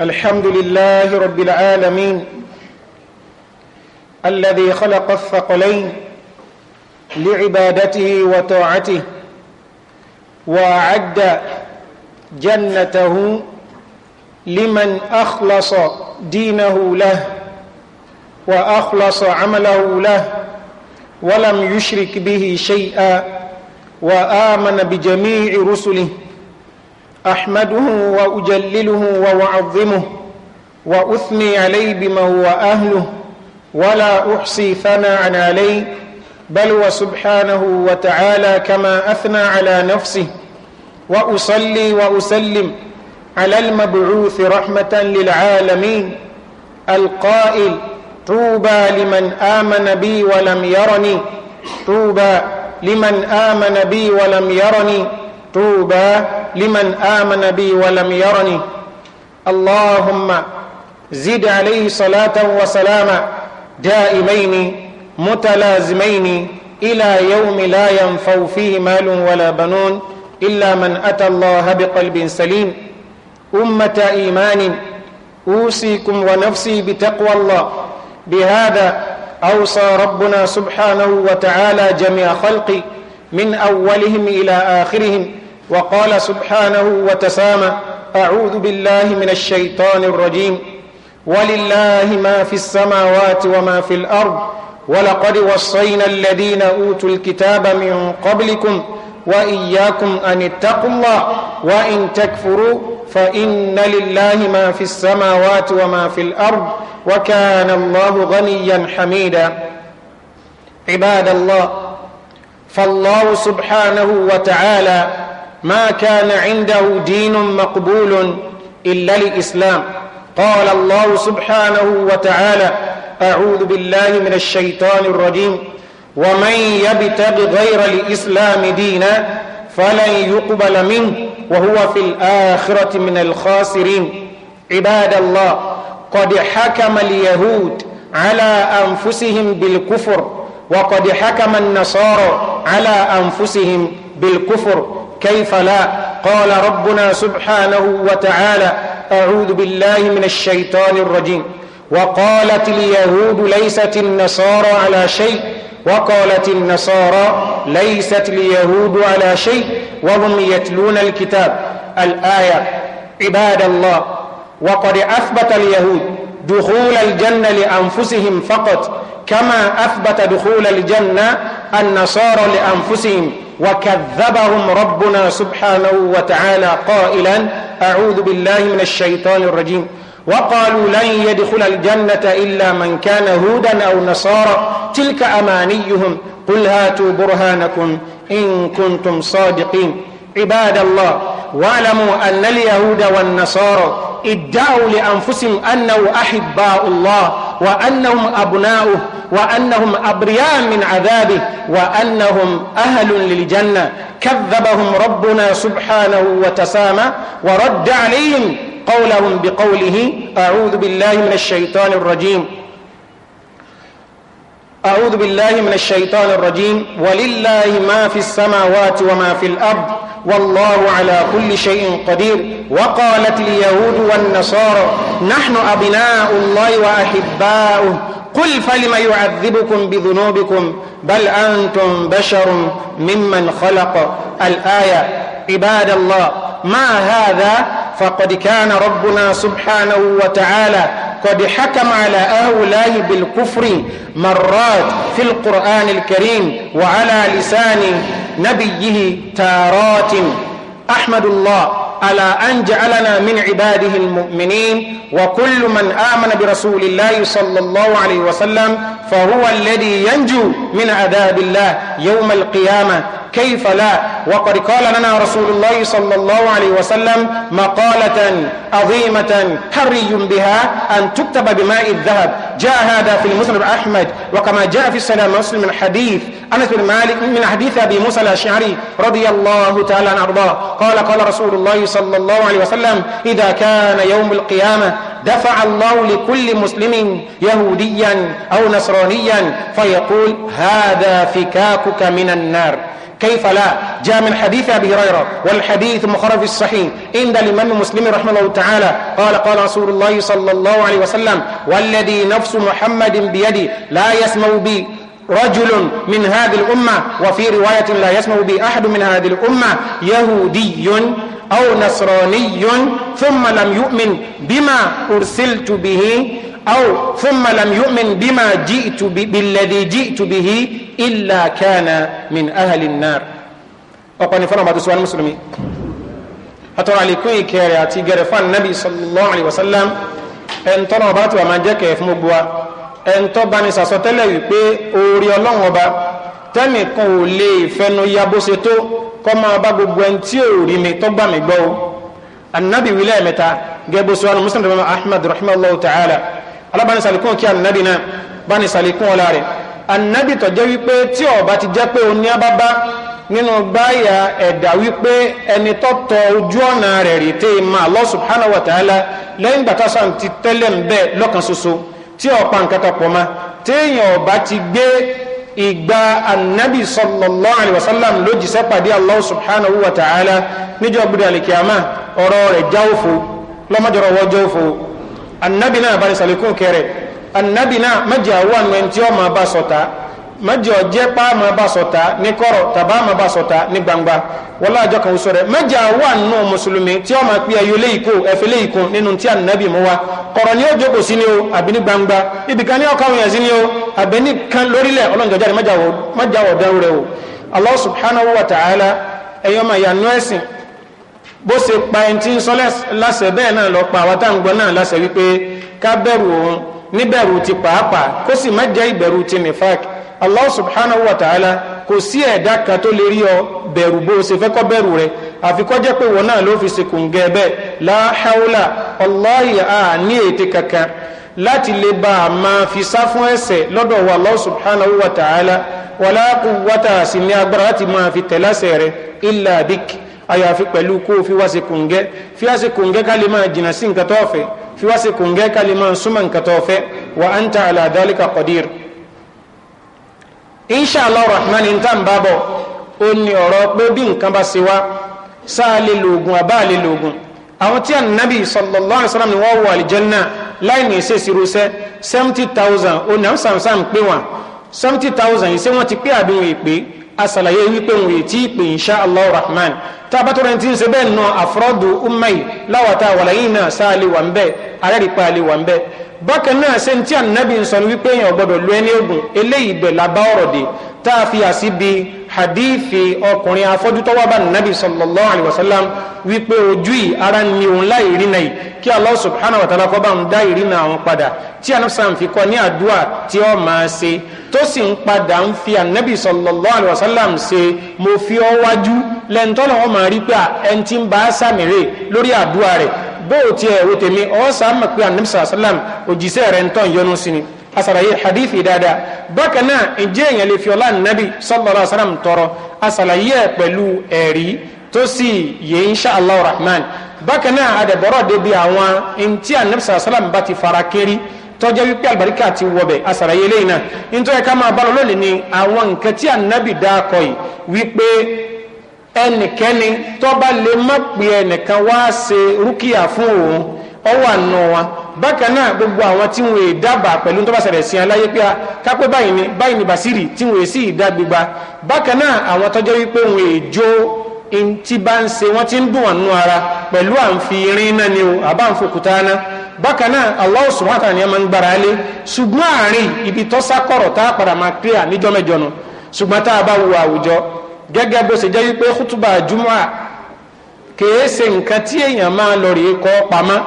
الحمد لله رب العالمين الذي خلق الثقلين لعبادته وطاعته وأعد جنته لمن أخلص دينه له وأخلص عمله له ولم يشرك به شيئا وآمن بجميع رسله احمده واجلله واعظمه واثني عليه بما هو اهله ولا احصي ثناء عليه بل وسبحانه وتعالى كما اثنى على نفسه واصلي واسلم على المبعوث رحمه للعالمين القائل طوبى لمن امن بي ولم يرني طوبى لمن امن بي ولم يرني طوبى لمن آمن بي ولم يرني اللهم زد عليه صلاة وسلام دائمين متلازمين إلى يوم لا ينفع فيه مال ولا بنون إلا من أتى الله بقلب سليم أمة إيمان أوصيكم ونفسي بتقوى الله بهذا أوصى ربنا سبحانه وتعالى جميع خلقي من أولهم إلى آخرهم وقال سبحانه وتسامى أعوذ بالله من الشيطان الرجيم ولله ما في السماوات وما في الأرض ولقد وصينا الذين أوتوا الكتاب من قبلكم وإياكم أن اتقوا الله وإن تكفروا فإن لله ما في السماوات وما في الأرض وكان الله غنيا حميدا عباد الله فالله سبحانه وتعالى ما كان عنده دين مقبول إلا الإسلام قال الله سبحانه وتعالى أعوذ بالله من الشيطان الرجيم ومن يبتغ غير الإسلام دينا فلن يقبل منه وهو في الآخرة من الخاسرين عباد الله قد حكم اليهود على أنفسهم بالكفر وقد حكم النصارى على أنفسهم بالكفر كيف لا قال ربنا سبحانه وتعالى أعوذ بالله من الشيطان الرجيم وقالت اليهود ليست النصارى على شيء وقالت النصارى ليست اليهود على شيء وهم يتلون الكتاب الآية عباد الله وقد أثبت اليهود دخول الجنة لأنفسهم فقط كما أثبت دخول الجنة النصارى لأنفسهم وكذبهم ربنا سبحانه وتعالى قائلا أعوذ بالله من الشيطان الرجيم وقالوا لن يدخل الجنة إلا من كان هودا أو نصارى تلك أمانيهم قل هاتوا برهانكم إن كنتم صادقين عباد الله واعلموا أن اليهود والنصارى ادعوا لأنفسهم أنه أحباء الله وأنهم أبناؤه وأنهم أبرياء من عذابه وأنهم أهل للجنة كذبهم ربنا سبحانه وتسامى ورد عليهم قولهم بقوله أعوذ بالله من الشيطان الرجيم أعوذ بالله من الشيطان الرجيم ولله ما في السماوات وما في الأرض والله على كل شيء قدير وقالت اليهود والنصارى نحن أبناء الله وأحباؤه قل فلم يعذبكم بذنوبكم بل أنتم بشر ممن خلق الآية عباد الله ما هذا فقد كان ربنا سبحانه وتعالى قد حكم على هؤلاء بالكفر مرات في القرآن الكريم وعلى لسان نبيه تارات أحمد الله على أن جعلنا من عباده المؤمنين وكل من آمن برسول الله صلى الله عليه وسلم فهو الذي ينجو من عذاب الله يوم القيامة كيف لا وقد قال لنا رسول الله صلى الله عليه وسلم مقالة عظيمة حري بها أن تكتب بماء الذهب جاء هذا في المسلم أحمد وكما جاء في السلام مسلم من حديث أنس بن مالك من حديث أبي موسى الأشعري رضي الله تعالى عنه أرضاه قال قال رسول الله صلى الله عليه وسلم إذا كان يوم القيامة دفع الله لكل مسلم يهوديا أو نصرانيا فيقول هذا فكاكك من النار كيف لا جاء من حديث أبي هريرة والحديث مخرف الصحيح عند الإمام مسلم رحمه الله تعالى قال قال رسول الله صلى الله عليه وسلم والذي نفس محمد بيدي لا يسمع بي رجل من هذه الأمة وفي رواية لا يسمع بي أحد من هذه الأمة يهودي أو نصراني ثم لم يؤمن بما أرسلت به أو ثم لم يؤمن بما جئت بالذي جئت به إلا كان من أهل النار أقول فنا بعد سؤال مسلمي أترى لكم كاري أتي غرفان النبي صلى الله عليه وسلم أن ترى بات وما جاك يفمبوا أن تباني ساسوتلا يبي أوري الله وبا tẹ́nì kan ò lè fẹnu ya bó ṣe tó kọ́ máa bá gbogbo ẹni tí ò rí mi tó gbà mí gbọ́ o ànábì wílẹ̀ mẹ́ta gẹ́gbó sọ́nà muslim dama ahmed rahimahullah ta'ala alábàáni sàlìkún kí anabi náà báni sàlìkún ọ̀la rẹ̀ anabi tó jẹ́ wípé tí ọba ti jẹ́ pé oní ababa nínú gbáyà ẹ̀dá wípé ẹni tó tọ ojú ọ̀nà rẹ̀ rí tẹ́ ma Allah subhanahu wa ta'ala lẹ́yìn gbàtà sàn ti tẹ́lẹ̀ ń bẹ́ẹ̀ lọ́kàn ṣoṣo tí ọ̀pá nǹkan kan pọ̀ ma téèyàn ọba ti gbé ìgbà annabi sallallahu alaihi wasallam lójíṣẹ́ Allah subhanahu wa ta'ala níjọ́ gbúdọ̀ àlìkíyàmá ọ̀rọ̀ rẹ̀ jáwòfo lọ́mọdọ̀rọ̀ wọ́jọ́ òfò annabi náà bani salikun kẹrẹ annabi náà mẹjẹ àwọn ẹni tí ó máa bá sọta mẹjẹ ọjẹ pa máa bá sọta ní kọ̀rọ̀ tàbá máa bá sọta ní gbangba wọlé àjọ kan sọrẹ mẹjẹ àwọn nù mùsùlùmí tí ó máa pe ẹyọ léyìíkó ẹfẹ léyìíkó nínú tí annabi mú wa kọ̀rọ̀ ni ó jókòó sí ni o àbí ní gbangba ibìkan ni ọkọ àwọn yẹn sí ni o àbẹ ní kan lórílẹ̀ ọlọ́njọ́ jáde mẹjẹ àwọ̀ dẹ́rù o Allah subhanahu wa ta'ala ẹ̀yọ́ máa yà nú bó ṣe pa ẹni tí ń sọ láṣẹ bẹ́ẹ̀ náà lọ pa àwọn táǹgbọ́n náà láṣẹ wípé ká bẹ̀rù òun níbẹ̀rù ti pàápàá kó sì má jẹ́ ìbẹ̀rù ti nifak allah subhanahu wa ta'ala kò sí ẹ̀dá kan tó lè rí ọ bẹ̀rù bó ṣe fẹ́ kọ́ bẹ̀rù rẹ àfikọ́ jẹ́ pé wọn náà ló fi ṣe kùngẹ́ bẹ́ẹ̀ la hawla wallahi à ní ète kankan láti lè bá a máa fi sá fún ẹ̀ṣẹ̀ lọ́dọ̀ wa allah subhanahu wa ta'ala wala quwwata sí ní agbára láti máa fi tẹ̀láṣẹ̀ rẹ illa bik àyàfi pẹ̀lú kó o fi wá sí kòǹgẹ́ fi wá sí kòǹgẹ́ ká lè máa jìnnà sí nǹkan tó fẹ́ fi wá sí kòǹgẹ́ ká lè máa súnmọ́ nǹkan tó fẹ́ wa anta ala dhalika qadir. inshallah rahman n tá n bá bọ̀ ó ní ọ̀rọ̀ pé bí nǹkan bá ṣe wá sáà lè lòògùn àbá lè lòògùn àwọn tí ànábì sallallahu alaihi wasallam ni wọ́n wọ àlìjẹ́nà láì ní ṣe ṣirúṣẹ́ seventy thousand ó ní àwọn sàmsàm pé wọn seventy thousand yìí ṣé wọ́n ti pé àbí wọn èpè asàlàyé wípé òun yìí tí ìpè insha allah rahman tábàtò rẹ̀ ti ń ṣe bẹ́ẹ̀ nà àfúrọ́dù umayi láwàtà wàlàyé náà sáà lè wà ń bẹ́ẹ̀ arẹ́rìpa lè wà ń bẹ́ẹ̀ bákan náà ṣe ń tí ànábì ń sọ wípé èèyàn gbọ́dọ̀ lu ẹni ogun eléyìí bẹ̀ labá ọ̀rọ̀ dé tá a fi àsíbi hadithi ọkùnrin afọ́jú tó wá bá nàbì sallallahu alaihi wasallam wípé ojú yìí ara ni òun láì rínà yìí kí Allah subhanahu wa ta'ala kọ́ bá ń dá ìrìnà àwọn padà tí anamsan fi kọ́ ní àdúrà tí ó máa ṣe tó sì ń padà ń fi ànábì sallallahu alaihi wasallam ṣe mo fi ọ́ wájú lẹ́ńtọ́nà wọn máa rí pé ẹni tí ń bá sàmì rè lórí àdúrà rẹ̀ bóòtí ẹ̀rọ tèmi ọ̀ sàmì pé ànábì sallallahu alaihi wasallam rẹ̀ ń tọ́ ìyọnu sí ni asàlàyé hadithi dáadáa bákan náà ǹjẹ́ èèyàn lè fi ọlá nàbì sallallahu alaihi wasallam tọrọ asàlàyé ẹ̀ pẹ̀lú ẹ̀rí tó sì yẹ insha allah rahman bákan náà adẹ̀bọ̀rọ̀ débi àwọn ntí ànábì sàlám bá ti fara kéré tọ́jọ́ wípé àlùbáríkà ti wọbẹ̀ asàlàyé lẹ́yìn náà nítorí ká máa bá lónìí ni àwọn nǹkan tí ànábì dákọ̀ yìí wípé ẹnikẹ́ni tó lè má pè ẹnìkan wá ṣe rúkìá fún òun ọwọ́ àna wa bákan náà gbogbo àwọn tí wọn è dábàá pẹ̀lú tó bá ṣẹlẹ̀ sí aláyé pé a kápẹ́ báyìí ni báyìí ni basiri tí wọn è sì dá gbígba bákan náà àwọn tọ́jọ́ wípé wọn è jó tí bá ń ṣe wọ́n ti ń dùn wọn ara pẹ̀lú à ń fi irin náà ni o àbá ń fòkúta náà bákan náà Allah subhanahu wa ta'ala ni a máa ń gbára lé ṣùgbọ́n àárín ibi tó sákọ̀rọ̀ tá a padà máa pé à níjọ́ mẹ́jọ nu ṣùgbọ́n tá a bá wo àwùjọ gẹ́gẹ́ bó ṣe jẹ́ wípé kútùbà júmọ́ à kèé ṣe nǹkan tí èèyàn máa lọ rèé kọ́ pamọ́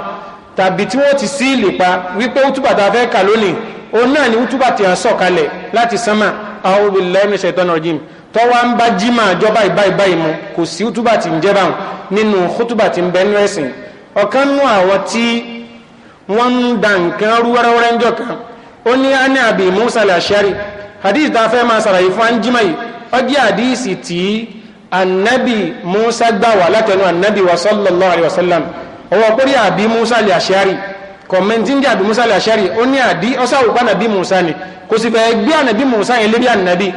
tàbí tí wọ́n ti sí ìlèpa wípé útùbà tá a fẹ́ kà lónìí òun náà ni útùbà tí a sọ̀kalẹ̀ láti sánmà àwọn obìnrin lẹ́yìn ṣètò ọ̀nà jim tọ́wọ́ ń bá jimá jọba ìbáyìí báyìí mu kò sí útùbà tí ń jẹ́ báwọn nínú útùbà tí ń bẹ nú ẹ̀sìn ọ̀kan nú àwọn tí wọ́n ń da nǹkan rú wẹ́rẹ́wẹ́rẹ́ ń jọ kan ó ní á ní àbí musa làṣẹ́rì hadith tá a fẹ́ máa sàlàyé fún anjima yìí ó jẹ́ hadith tí anabi musa gbà wá látẹnu anabi wa sallallahu alayhi wa sallam ọwọ́ kórí àbí musa lè àṣẹ́rì kọ̀mẹ́ntì ní àbí musa lè àṣẹ́rì ó ní àdí ọsá òkú ànàbí musa ni kò sì fẹ́ gbé ànàbí musa yẹn lérí ànàbí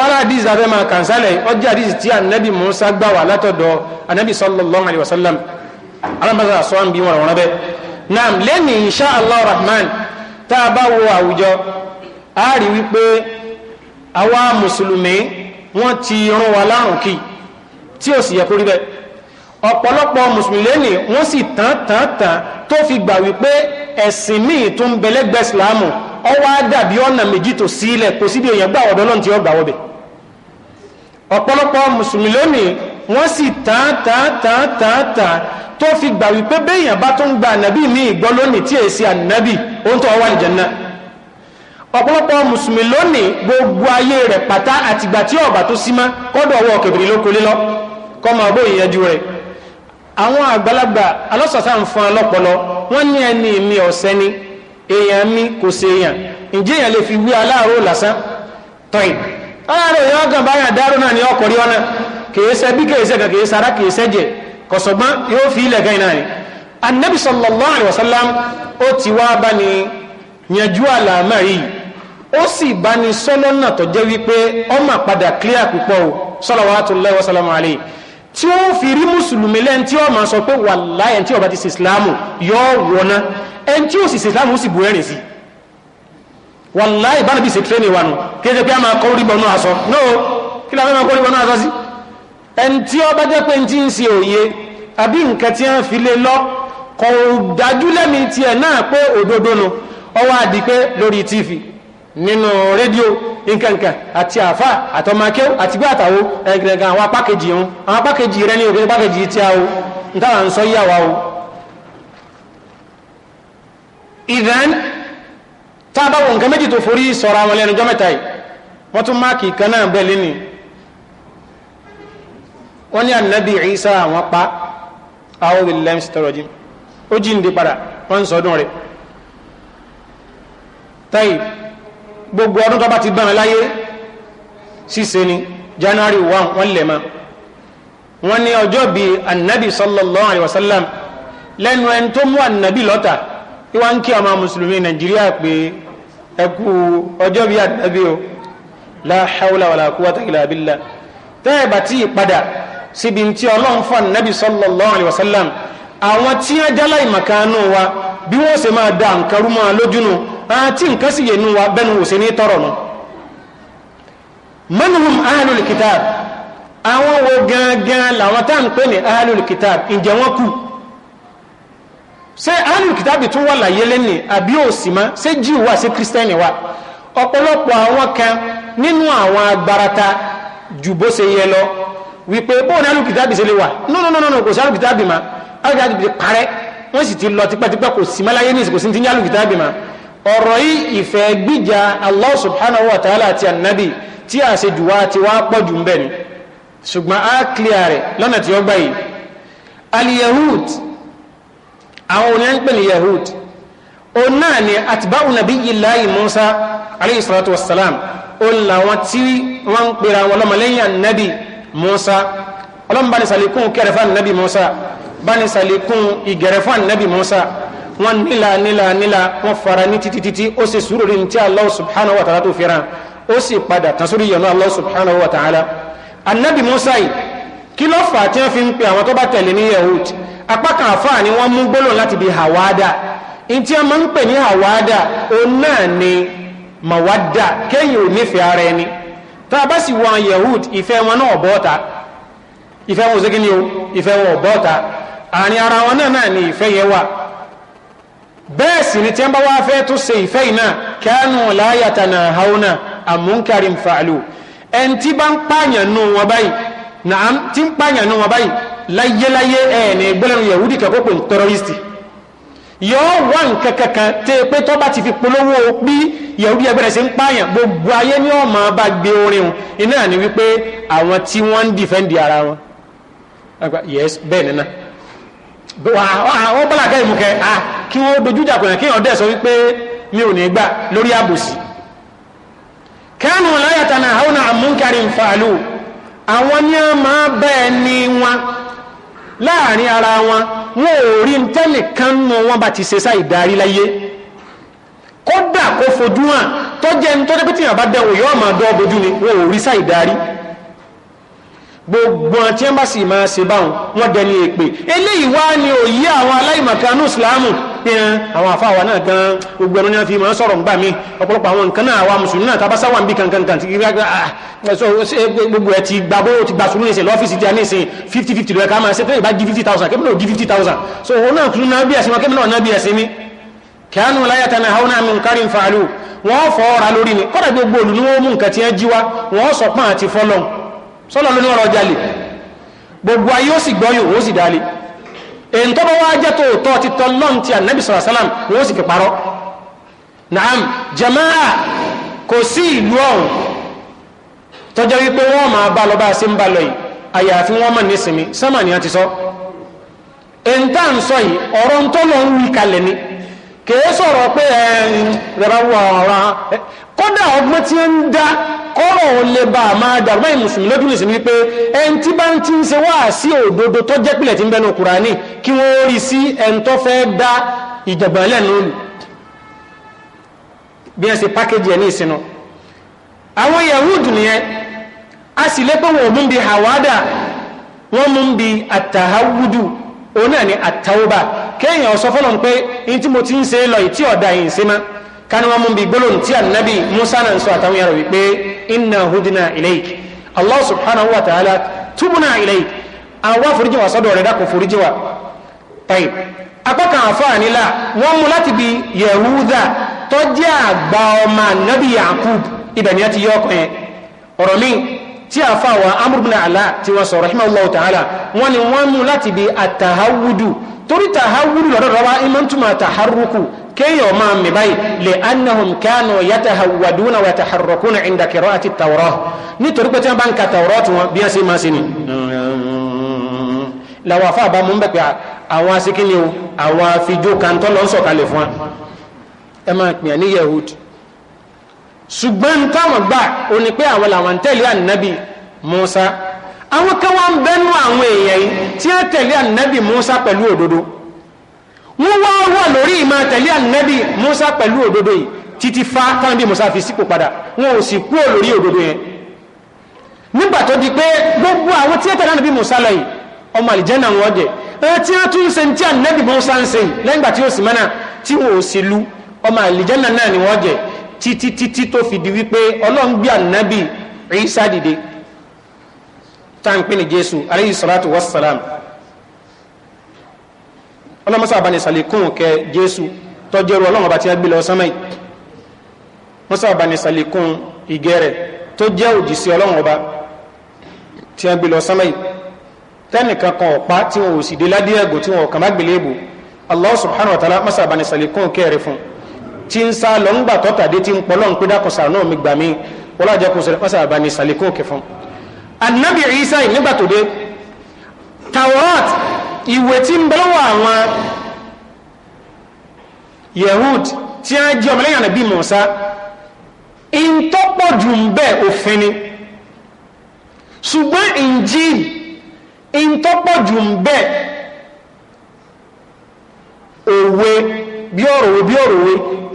ọlá àdìsí abẹ́ máa kànsálẹ̀ ọjà àdìsí tí ànàbí musa gbà wà látọ̀dọ̀ ànàbí sallallahu alaihi wasallam alábàṣà sọ àǹbí wọn àwọn ọ̀rẹ́ naam lẹ́ni insha allah rahman tá a bá wo àwùjọ a rí wípé àwa mùsùlùmí wọ́n ti rún wa lárùn kì tí ò sì yẹ kórí bẹ́ẹ̀ ọ̀pọ̀lọpọ̀ mùsùlùmí lẹ́nì wọ́n sì tán tán tán tó fi gbà wípé ẹ̀sìn míì tún bẹ̀lẹ́gbẹ̀ ìsìláàmù ó wá dàbí ọ̀nà méjì tó sílẹ̀ kò síbi èèyàn gbà ọ̀dọ́ náà tí ó gbà wọ́bẹ̀ ọ̀pọ̀lọpọ̀ mùsùlùmí lẹ́nì wọ́n sì tán tán tán tán tán tó fi gbà wípé béèyàn bá tún gba ànábì míì gbọ́ lónìí tí èsì ànábì gbogbo ayé rẹ̀ pátá àtìgbà tí ọ̀bà tó símá kọ́dọ̀ ọwọ́ kẹfìrí ló kólé kọ́ máa bó ìyẹn rẹ̀ àwọn àgbàlagbà alọ́sọ̀tà ń fún ọlọ́pọlọ wọ́n ní ẹni mi ọ̀sẹ́ ni èèyàn mi kò ṣe èèyàn ǹjẹ́ èèyàn lè fi wí aláàrò lásán tọ́yìn aláàrò èèyàn ọgàn báyà dárò náà ni ọkọ̀ rí ọ́nà kèéṣẹ́ bí kèéṣẹ́ kan kèéṣẹ́ ara kèéṣẹ́ jẹ kọ̀sọ̀gbọ́n yóò fi ilẹ̀ gan náà ni anabi fi alayhi wa sallam ó ti wá bá ní yanjú àlàmà yìí ó sì bá sọ́lọ́nà wípé ọmọ clear púpọ̀ tí ó fi rí mùsùlùmí lẹ́n tí ó máa sọ pé wàlá ẹn tí ó bá ti ṣe ìsìláàmù yóò wọná ẹn tí ó sì ṣe ìsìláàmù ó sì bu ẹ̀rìn sí wàlá ìbánibí ṣe tírẹ́nì wa nù kí pé a máa kọ́ orí bọnú aṣọ no kí làwọn máa kọ́ orí bọnú aṣọ sí ẹn tí ó bá jẹ́ pé ti ń ṣe òye àbí nǹkan tí wọ́n fi lé lọ kò dájú lẹ́mi tiẹ̀ náà pé òdodo nu ọwọ́ àdí lórí tíìfì nínú rédíò nkankan àti àfà àtọmakẹ́ àti gbé àtàwó ẹgbẹ̀gbẹ̀ àwọn apákejì wọn àwọn apákejì rẹ ní òkèèrè apákejì tí a o ń tàbà ń sọ o ìdán tábàwò nǹkan méjì tó forí sọ̀rọ̀ àwọn lẹ́nu jọ́mẹ́ta yìí wọ́n tún máàkì kan náà bẹ́ẹ̀ lẹ́ni wọ́n ní ànábì Ìsá àwọn pa àwọn william storage ó jíǹde padà wọ́n ń sọdún rẹ̀ táyì gbogbo ọdún tó bá ti gbọ́n láyé ṣíṣe ni january 1 wọ́n lè ma wọ́n ní ọjọ́ bí annabi sallallahu alaihi wasallam lẹ́nu ẹni tó mú annabi lọ́ta ìwá ń kí ọmọ musulmi Nàìjíríà pé ẹkú ọjọ́ bí annabi o la hawla wala quwwata illa billah tẹ́ẹ̀bà tí ìpadà síbi tí ọlọ́run fún annabi sallallahu alaihi wasallam àwọn tí wọ́n jálá ìmàkánú wa bí wọ́n ṣe máa da nǹkan rú máa àti ah, nǹkan sì yẹ nù wa bẹ́nu wò sí ní tọrọ nù manhum ahlul kitab àwọn wo gangan làwọn tá ń pè ní ahlul kitab ǹjẹ́ wọ́n kú ṣé ahlul kitab tún wà láyé lẹ́nìí àbí òsì mọ́ ṣé jíù wà ṣé kírísítẹ́nì wà ọ̀pọ̀lọpọ̀ àwọn kan nínú àwọn agbarata jù bó ṣe yẹ lọ wípé bóun ní ahlul kitab ṣe lè wà nínú kò kò sí mọ́ láyé ní ọ̀rọ̀ yìí ìfẹ́ gbíjà Allah subhanahu wa ta'ala àti annabi tí a ṣe jùwá ti wá pọ̀ jù ń bẹ̀ ni ṣùgbọ́n a kílíà rẹ̀ lọ́nà tí ó gbà yìí al-yahud àwọn oníyàn pẹ̀lú yahud òun náà ni atba'u nabiyyillahi Musa alayhi salatu wassalam òun làwọn tí wọ́n ń wọn nílà nílà nílà wọn fara ní títítí ó sì sùúrù rí ní tí allah subhanahu wa ta'ala tó fẹ́ràn ó sì padà tán sórí yọ̀nà allah subhanahu wa ta'ala anabi musa yìí kí ló fà á tí wọn fi ń pe àwọn tó bá tẹ̀lé ní yahud apá kan àfáà ni wọn mú gbólóhùn láti bi hawada ntí wọn máa ń pè ní hawada òun ni mawada kéyìn ò nífẹ̀ẹ́ ara ẹni tá a bá sì wọn yahud ìfẹ́ wọn náà bọ́ta ìfẹ́ wọn ò sí o ìfẹ́ wọn ò bọ́ta àárín ara wọn náà náà ni ìfẹ́ yẹn wà bẹ́ẹ̀ sì ni tí wọ́n bá wá fẹ́ tó ṣe ìfẹ́ iná kánú láyàtà náà haúnà àmúkàrí fàálù ẹn tí bá ń pààyàn nù wọn báyìí naam tí ń pààyàn nù wọn báyìí láyéláyé ẹ̀ ní gbẹ́lẹ́nu yahudi kẹ́kọ́ pé tọ́rọ́rìsì yóò wà nǹkan kankan tẹ́ pé tó bá ti fi polówó bí yahudi ẹgbẹ́rẹ́ sí ń pààyàn gbogbo ayé ni wọ́n bá gbé orin iná ni wípé àwọn tí wọ́n ń dìfẹ́ǹdì ara wọn yes bẹ́ẹ̀ nínú wọ́n bọ́lá ká ìmú kẹ kí wọ́n dojújà pẹ̀lú kí wọ́n dẹ̀ sọ wípé mi ò ní gbà lórí àbòsí kẹ́nu láyàtà náà àwọn àmúkàrí ń fàálù àwọn ní a máa bẹ́ẹ̀ ní wọn láàrin ara wọn ò rí tẹ́lẹ̀ gbogbo àti ẹmbà sì máa ṣe báhùn wọ́n dẹni èpè eléyìí wá ní òyí àwọn aláìmọ̀kánú ìsìláàmù ìran àwọn àfáwà náà gan gbogbo ẹnu náà fi máa sọ̀rọ̀ ńgbà mí ọ̀pọ̀lọpọ̀ àwọn nǹkan náà wa mùsùlùmí náà tabasa wà ń bí kankankan ah, ah, ti gbogbo ẹ̀ ti gbàgbó ti gbà sùúrù nìsín lọ́fíìsì ti àníṣin fifty fifty lọ́yẹ̀ ká máa ṣe tẹ́lẹ̀ bá di fifty thousand kébìnà ò di fifty thousand so òun náà tún náà bí ẹ̀sìn wọn kébìnà ò náà bí ẹ̀sìn mi kíánù láyàtà náà haúnà mi nkárí ń fa àlù wọn fọ́ ọ̀rà lórí ni kọ́dà gbogbo olùnúwó mú nǹkan tí wọ́n jí wa wọ́n sọ pọ́n àti fọ́lọ́n sọ́lọ́ ló ní ọ̀rọ̀ jalè gbogbo ayé ó sì gbọ́ yòó ó sì dalè èyí tó bá wá jẹ́ tòótọ́ ti tọ́ lọ́n ti ànábì sọ̀rọ̀ sálàm ni ó sì fi parọ́ naam jamaa kò sí ìlú ọ̀hún tọ́jọ́ wípé wọ́n máa bá lọ bá a ń bá lọ yìí àyàfi wọ́n mọ̀ nísìnyí sánmà ni a ti sọ èyí tá ń sọ yìí ọ̀rọ̀ ń lọ ń wí kalẹ̀ ni kìí sọ̀rọ̀ pé ẹ̀yìn rẹ̀rẹ̀ wà ọ̀rá kódà ọgbọ́n tí ń dá kọ́rọ̀ ò lè bá máa dàgbà ìmùsùlùmí lójú nìsìn wípé ẹni tí bá ń ti ń ṣe wá sí òdodo tó jẹ́ pìlẹ̀ tí ń bẹnu kùránì kí wọ́n rí sí ẹni tó fẹ́ dá ìjọ̀gbọ̀nlẹ̀ lónìí bí ẹ ṣe pákéjì ẹ ní ìsinú àwọn yahudu nìyẹn a sì lé wọn mú bi hawada wọn mú bi àtàhàwùdù òun náà ni àtàwọ́bà kéèyàn sọ fọ́lọ́n pé in tí mo ti ń ṣe lọ ìtí ọ̀dà yìí ṣe má kánú wọn mú bí gbólóhùn tí ànábì musa náà ń sọ àtàwọn yàrá wípé inna hudina ilayk allah subhanahu wa ta'ala tubuna ilayk àwọn foríjì wa sọ́dọ̀ rẹ̀ dákun foríjì wa tayyib apá kan mú láti bi yehuda tó àgbà ọmọ ànábì yakub ibẹ̀ ni a ti yọ ọkàn yẹn ọ̀rọ̀ míì tí a fa àwọn amúrúbìnà àlá tí wọ́n sọ rahimahullahu ta'ala wọ́n ni wọ́n mú láti bí àtàháwùdù torí tàháwùdù lọ́dọ̀ rọ́bá imọ́ntúmọ̀ àtàhárùkù kéèyàn máa mì báyìí lè annahum kánú yatahawwaduna wa yataharrakuna inda qira'ati at-tawrah nítorí pé tí wọ́n bá ń ka tàwọ́rọ́ tí wọ́n bí máa sí ni làwọn afa àbámu ń bẹ̀ pé àwọn asíkíni àwọn afijó kantọ́ lọ́n sọ̀kalẹ̀ fún wa ẹ máa pè ní yehudi ṣùgbọ́n táwọn gbà ó ní pé àwọn làwọn tẹ̀lé ànábì Musa àwọn kan wá ń bẹnu àwọn èèyàn yìí tí wọ́n tẹ̀lé ànábì Musa pẹ̀lú òdodo wọ́n wá lórí ìmọ̀ tẹ̀lé Musa pẹ̀lú òdodo yìí títí fa táwọn bí fi sípò padà wọn ò sì kúrò lórí òdodo yẹn nígbà tó di pé gbogbo àwọn tí wọ́n tẹ̀lé ànábì Musa lọ yìí ọmọ àlìjẹ́nà wọn jẹ wọ́n títí títí tó fi di wípé ọlọ́run gbé ànábì Ìsá dìde tá ní Jésù aleyhi salatu wa salam ọlọ́mọsá abanisàlẹ̀ kún kẹ Jésù tọ́jọ́rú ọlọ́run ọba tí a gbé lọ sánmà yìí mọ́sá abanisàlẹ̀ kún ìgẹ̀rẹ̀ tó jẹ́ òjìṣẹ́ ọlọ́run ọba tí a gbé lọ sánmà yìí tẹ́nìkan kan ọ̀pá tí wọn ò sì dé ládé tí wọn ò kàn má gbélé ìbò Allah subhanahu wa ta'ala mọ́sá abanisàlẹ̀ kún kẹ́rẹ̀ fún un tí ń sá lọ ńgbà tọ́tàdé tí ń pọlọ́ ń pé dákọ̀sà náà mi gbà mí wọ́n lájọ kò sẹ̀rẹ̀ pàṣẹ àbáni sàlékò òkè fún. anabi isa yìí nígbà tó dé tawrat ìwé tí ń bẹ lọ́wọ́ àwọn yehud tí wọ́n jẹ́ ọmọlẹ́yìn ànábì Mùsá ìntọ́pọ̀ jù ń bẹ òfin ni ṣùgbọ́n Injil ìntọ́pọ̀ jù ń bẹ òwe bí ọ̀rọ̀wé bí ọ̀rọ̀wé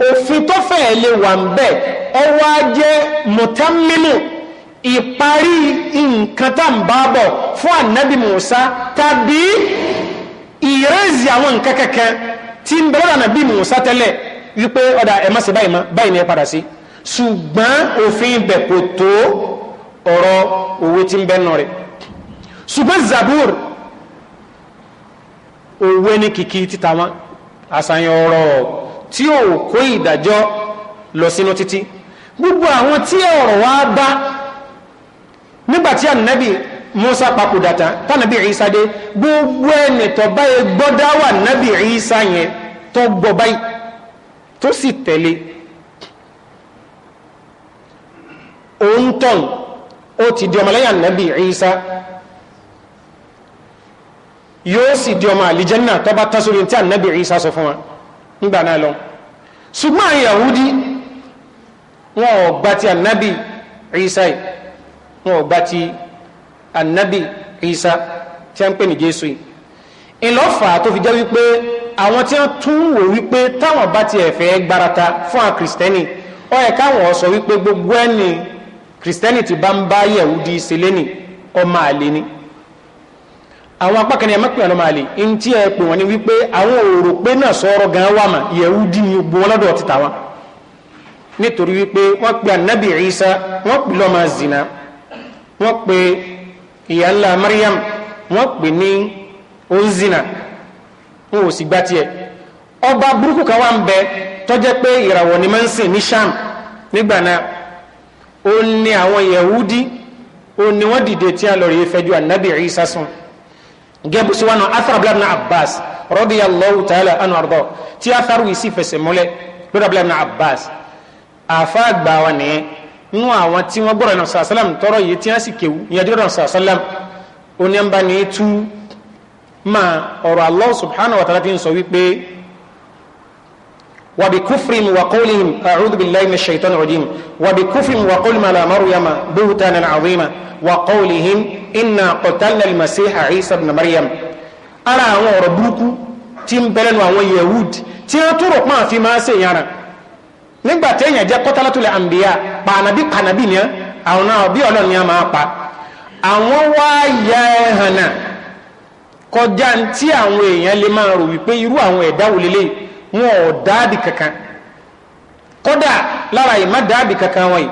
òfin tó fẹ́ lè wà ń bẹ̀ ọwọ́ ajẹ́ mọ̀tẹ́mímù ìparí nǹkan tá ń bá bọ̀ fún ànábì Mùsá tàbí ìrẹ́zì àwọn nǹkan kẹ̀kẹ́ tí ń bẹ̀rẹ̀ ànábì Mùsá tẹ́lẹ̀ wípé ọ̀dà ẹ̀ má ṣe báyìí má báyìí ni ẹ padà sí ṣùgbọ́n òfin ibẹ̀ kò tó ọ̀rọ̀ òwe tí ń bẹ́ nọ rẹ̀ ṣùgbọ́n Zabur òwe ní kìkì títà wọn àṣàyàn ọ̀rọ̀ tí ò kó ìdájọ́ lọ sínú títí gbogbo àwọn tí ọ̀rọ̀ wá bá nígbàtí ànábì Musa papòdàtà tánàbì Isa dé gbogbo ẹni tó báyé gbọ́dá wà nábì Isa yẹn tó gbọ́ báyìí tó sì tẹ̀lé òun tán ó ti di ọmọlẹ́yìn ànábì Isa yóò sì di ọmọ àlìjẹ́nà tó bá tán sórí tí ànábì Ìsá sọ fún wa nígbà náà lọ ṣùgbọ́n àwọn Yahudi wọn ò gba ti ànábì Ìsá yìí wọn ò gba ti ànábì Ìsá tí a ń pè ní Jésù yìí ìlọ́fà tó fi jẹ́ wípé àwọn tí wọ́n tún wò wípé táwọn bá ti ẹ̀fẹ́ gbarata fún àwọn kìrìsìtẹ́nì ó káwọn sọ wípé gbogbo ẹni kìrìsìtẹ́nì ti bá ń bá Yahudi ṣe léni ọmọ àlè ni. Ọma àwọn apákan ẹmọ́ pẹ̀lú ọmọ àlè in tí ẹ pè wọ́n ni wípé àwọn òòrò pé náà sọ̀rọ̀ gan wà mà Yẹhudi ní ti nítorí wípé wọ́n pe anabi Isa wọ́n pe lọ́mọ zina wọ́n pe ìyá mariam wọ́n pe ní onzina wọn ò sì gbá tiẹ̀ ọba burúkú kan wà ń bẹ tọ́jẹ́ pé ìràwọ̀ ni máa ń sìn ní Sham nígbà náà ó ní anabi Isa sùn gẹ́bù sí wánà afárabíláàbìnà abbas radiyallahu ta'ala anhu àrùdọ́ tí afárù yìí sì fẹsẹ̀ múlẹ̀ lọ́dàbíláàbìnà abbas àfa àgbà wa nìyẹn nínú àwọn tí wọ́n gbọ́dọ̀ nàṣà sálám tọrọ yìí tí wọ́n sì kéwú ìyàdúrà nàṣà sálám oníyàmbá ni tú máa ọ̀rọ̀ Allah subhanahu wa ta'ala fi ń sọ wípé وبكفرهم وقولهم أعوذ بالله من الشيطان الرجيم وبكفرهم وقول ما على مريم بهتانا عظيما وقولهم إنا قتلنا المسيح عيسى بن مريم أرى أن ربك تيم بلن وأن يهود تيم طرق ما في ما سيانا نبقى تيني جاء قتلة الأنبياء بعنبي قنبي نيا أو نعبي أولا نيا ما أقبع àwọn wá ya ẹ̀hànà kọjá tí àwọn èèyàn lè máa rò wípé irú wọn ò dáàbì kankan kódà lára yìí má dáàbì kankan wọ̀nyí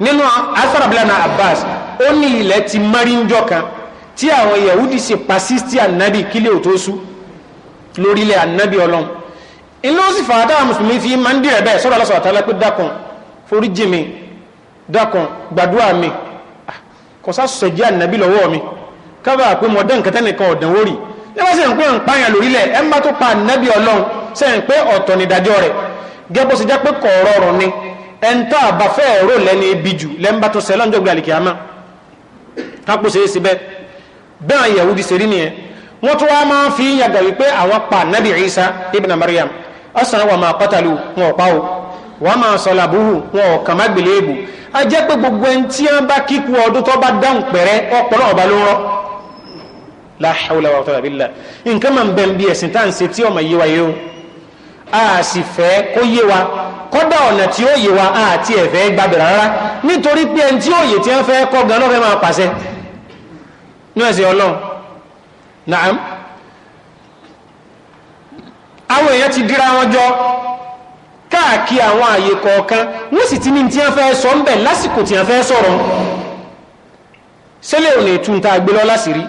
nínú asarabílànà Abbas ó ní ilẹ̀ ti mẹ́rìnjọ kan tí àwọn Yahudi ṣe pasisti anabi kílẹ̀ òtósù lórílẹ̀ anabi ọlọ́run inú sì fà á táwọn mùsùlùmí fi máa ń dìrẹ̀ bẹ́ẹ̀ sọ́dọ̀ lọ́sọ̀rọ̀ tálẹ́ pé dákun foríjì mi dákun gbàdúrà mi ah, kọsá sọjí ànàbí lọ́wọ́ mi kábà pé mọ̀dán kẹtẹ́nìkan ọ̀dánwó rí lẹ́wọ́sẹ̀ ń pè ń pààyàn lórílẹ̀ ẹ má tó pa ànàbí ọlọ́run sẹ́yìn pé ọ̀tọ̀ nìdájọ́ rẹ̀ gẹ́bó sì já pé kọ̀ rọrùn ni ẹ̀ńtọ́ àbáfẹ́ ọ̀rọ̀ lẹ́ni ibi jù lẹ́ńbà tó sẹ́lọ́n jọ́gbé àlìkìyàmá kápò ṣe é sí bẹ́ẹ̀ bẹ́ẹ̀ àyẹ̀wò di Isa ibn Maryam ọ̀sán wà máa pátálù wọn ò pa o wọ́n máa sọ làbúrú wọn ò kàn má gbèlè èbù a jẹ́ pé gbogbo ẹni tí la hawla wa quwwata illa billah nǹkan máa ń bẹ̀ ẹ̀sìn tá ń ṣe tí ọmọ yìí wáyé a sì fẹ́ kó yé wa kọ́dà ọ̀nà tí ó yé wa àti ẹ̀fẹ́ gbàbẹ̀rẹ̀ rárá nítorí pé ẹni tí ó yé tí wọ́n fẹ́ kọ́ gan náà fẹ́ máa pàṣẹ ní ẹ̀sìn ọlọ́run naam àwọn èèyàn ti dira wọn jọ káàkiri àwọn àyè kọ̀ọ̀kan wọ́n sì ti ní tí wọ́n fẹ́ sọ ń bẹ̀ lásìkò tí wọ́n fẹ́ sọ̀rọ̀ sẹ́lẹ̀ ò lè tún ta gbé lọ láṣìírí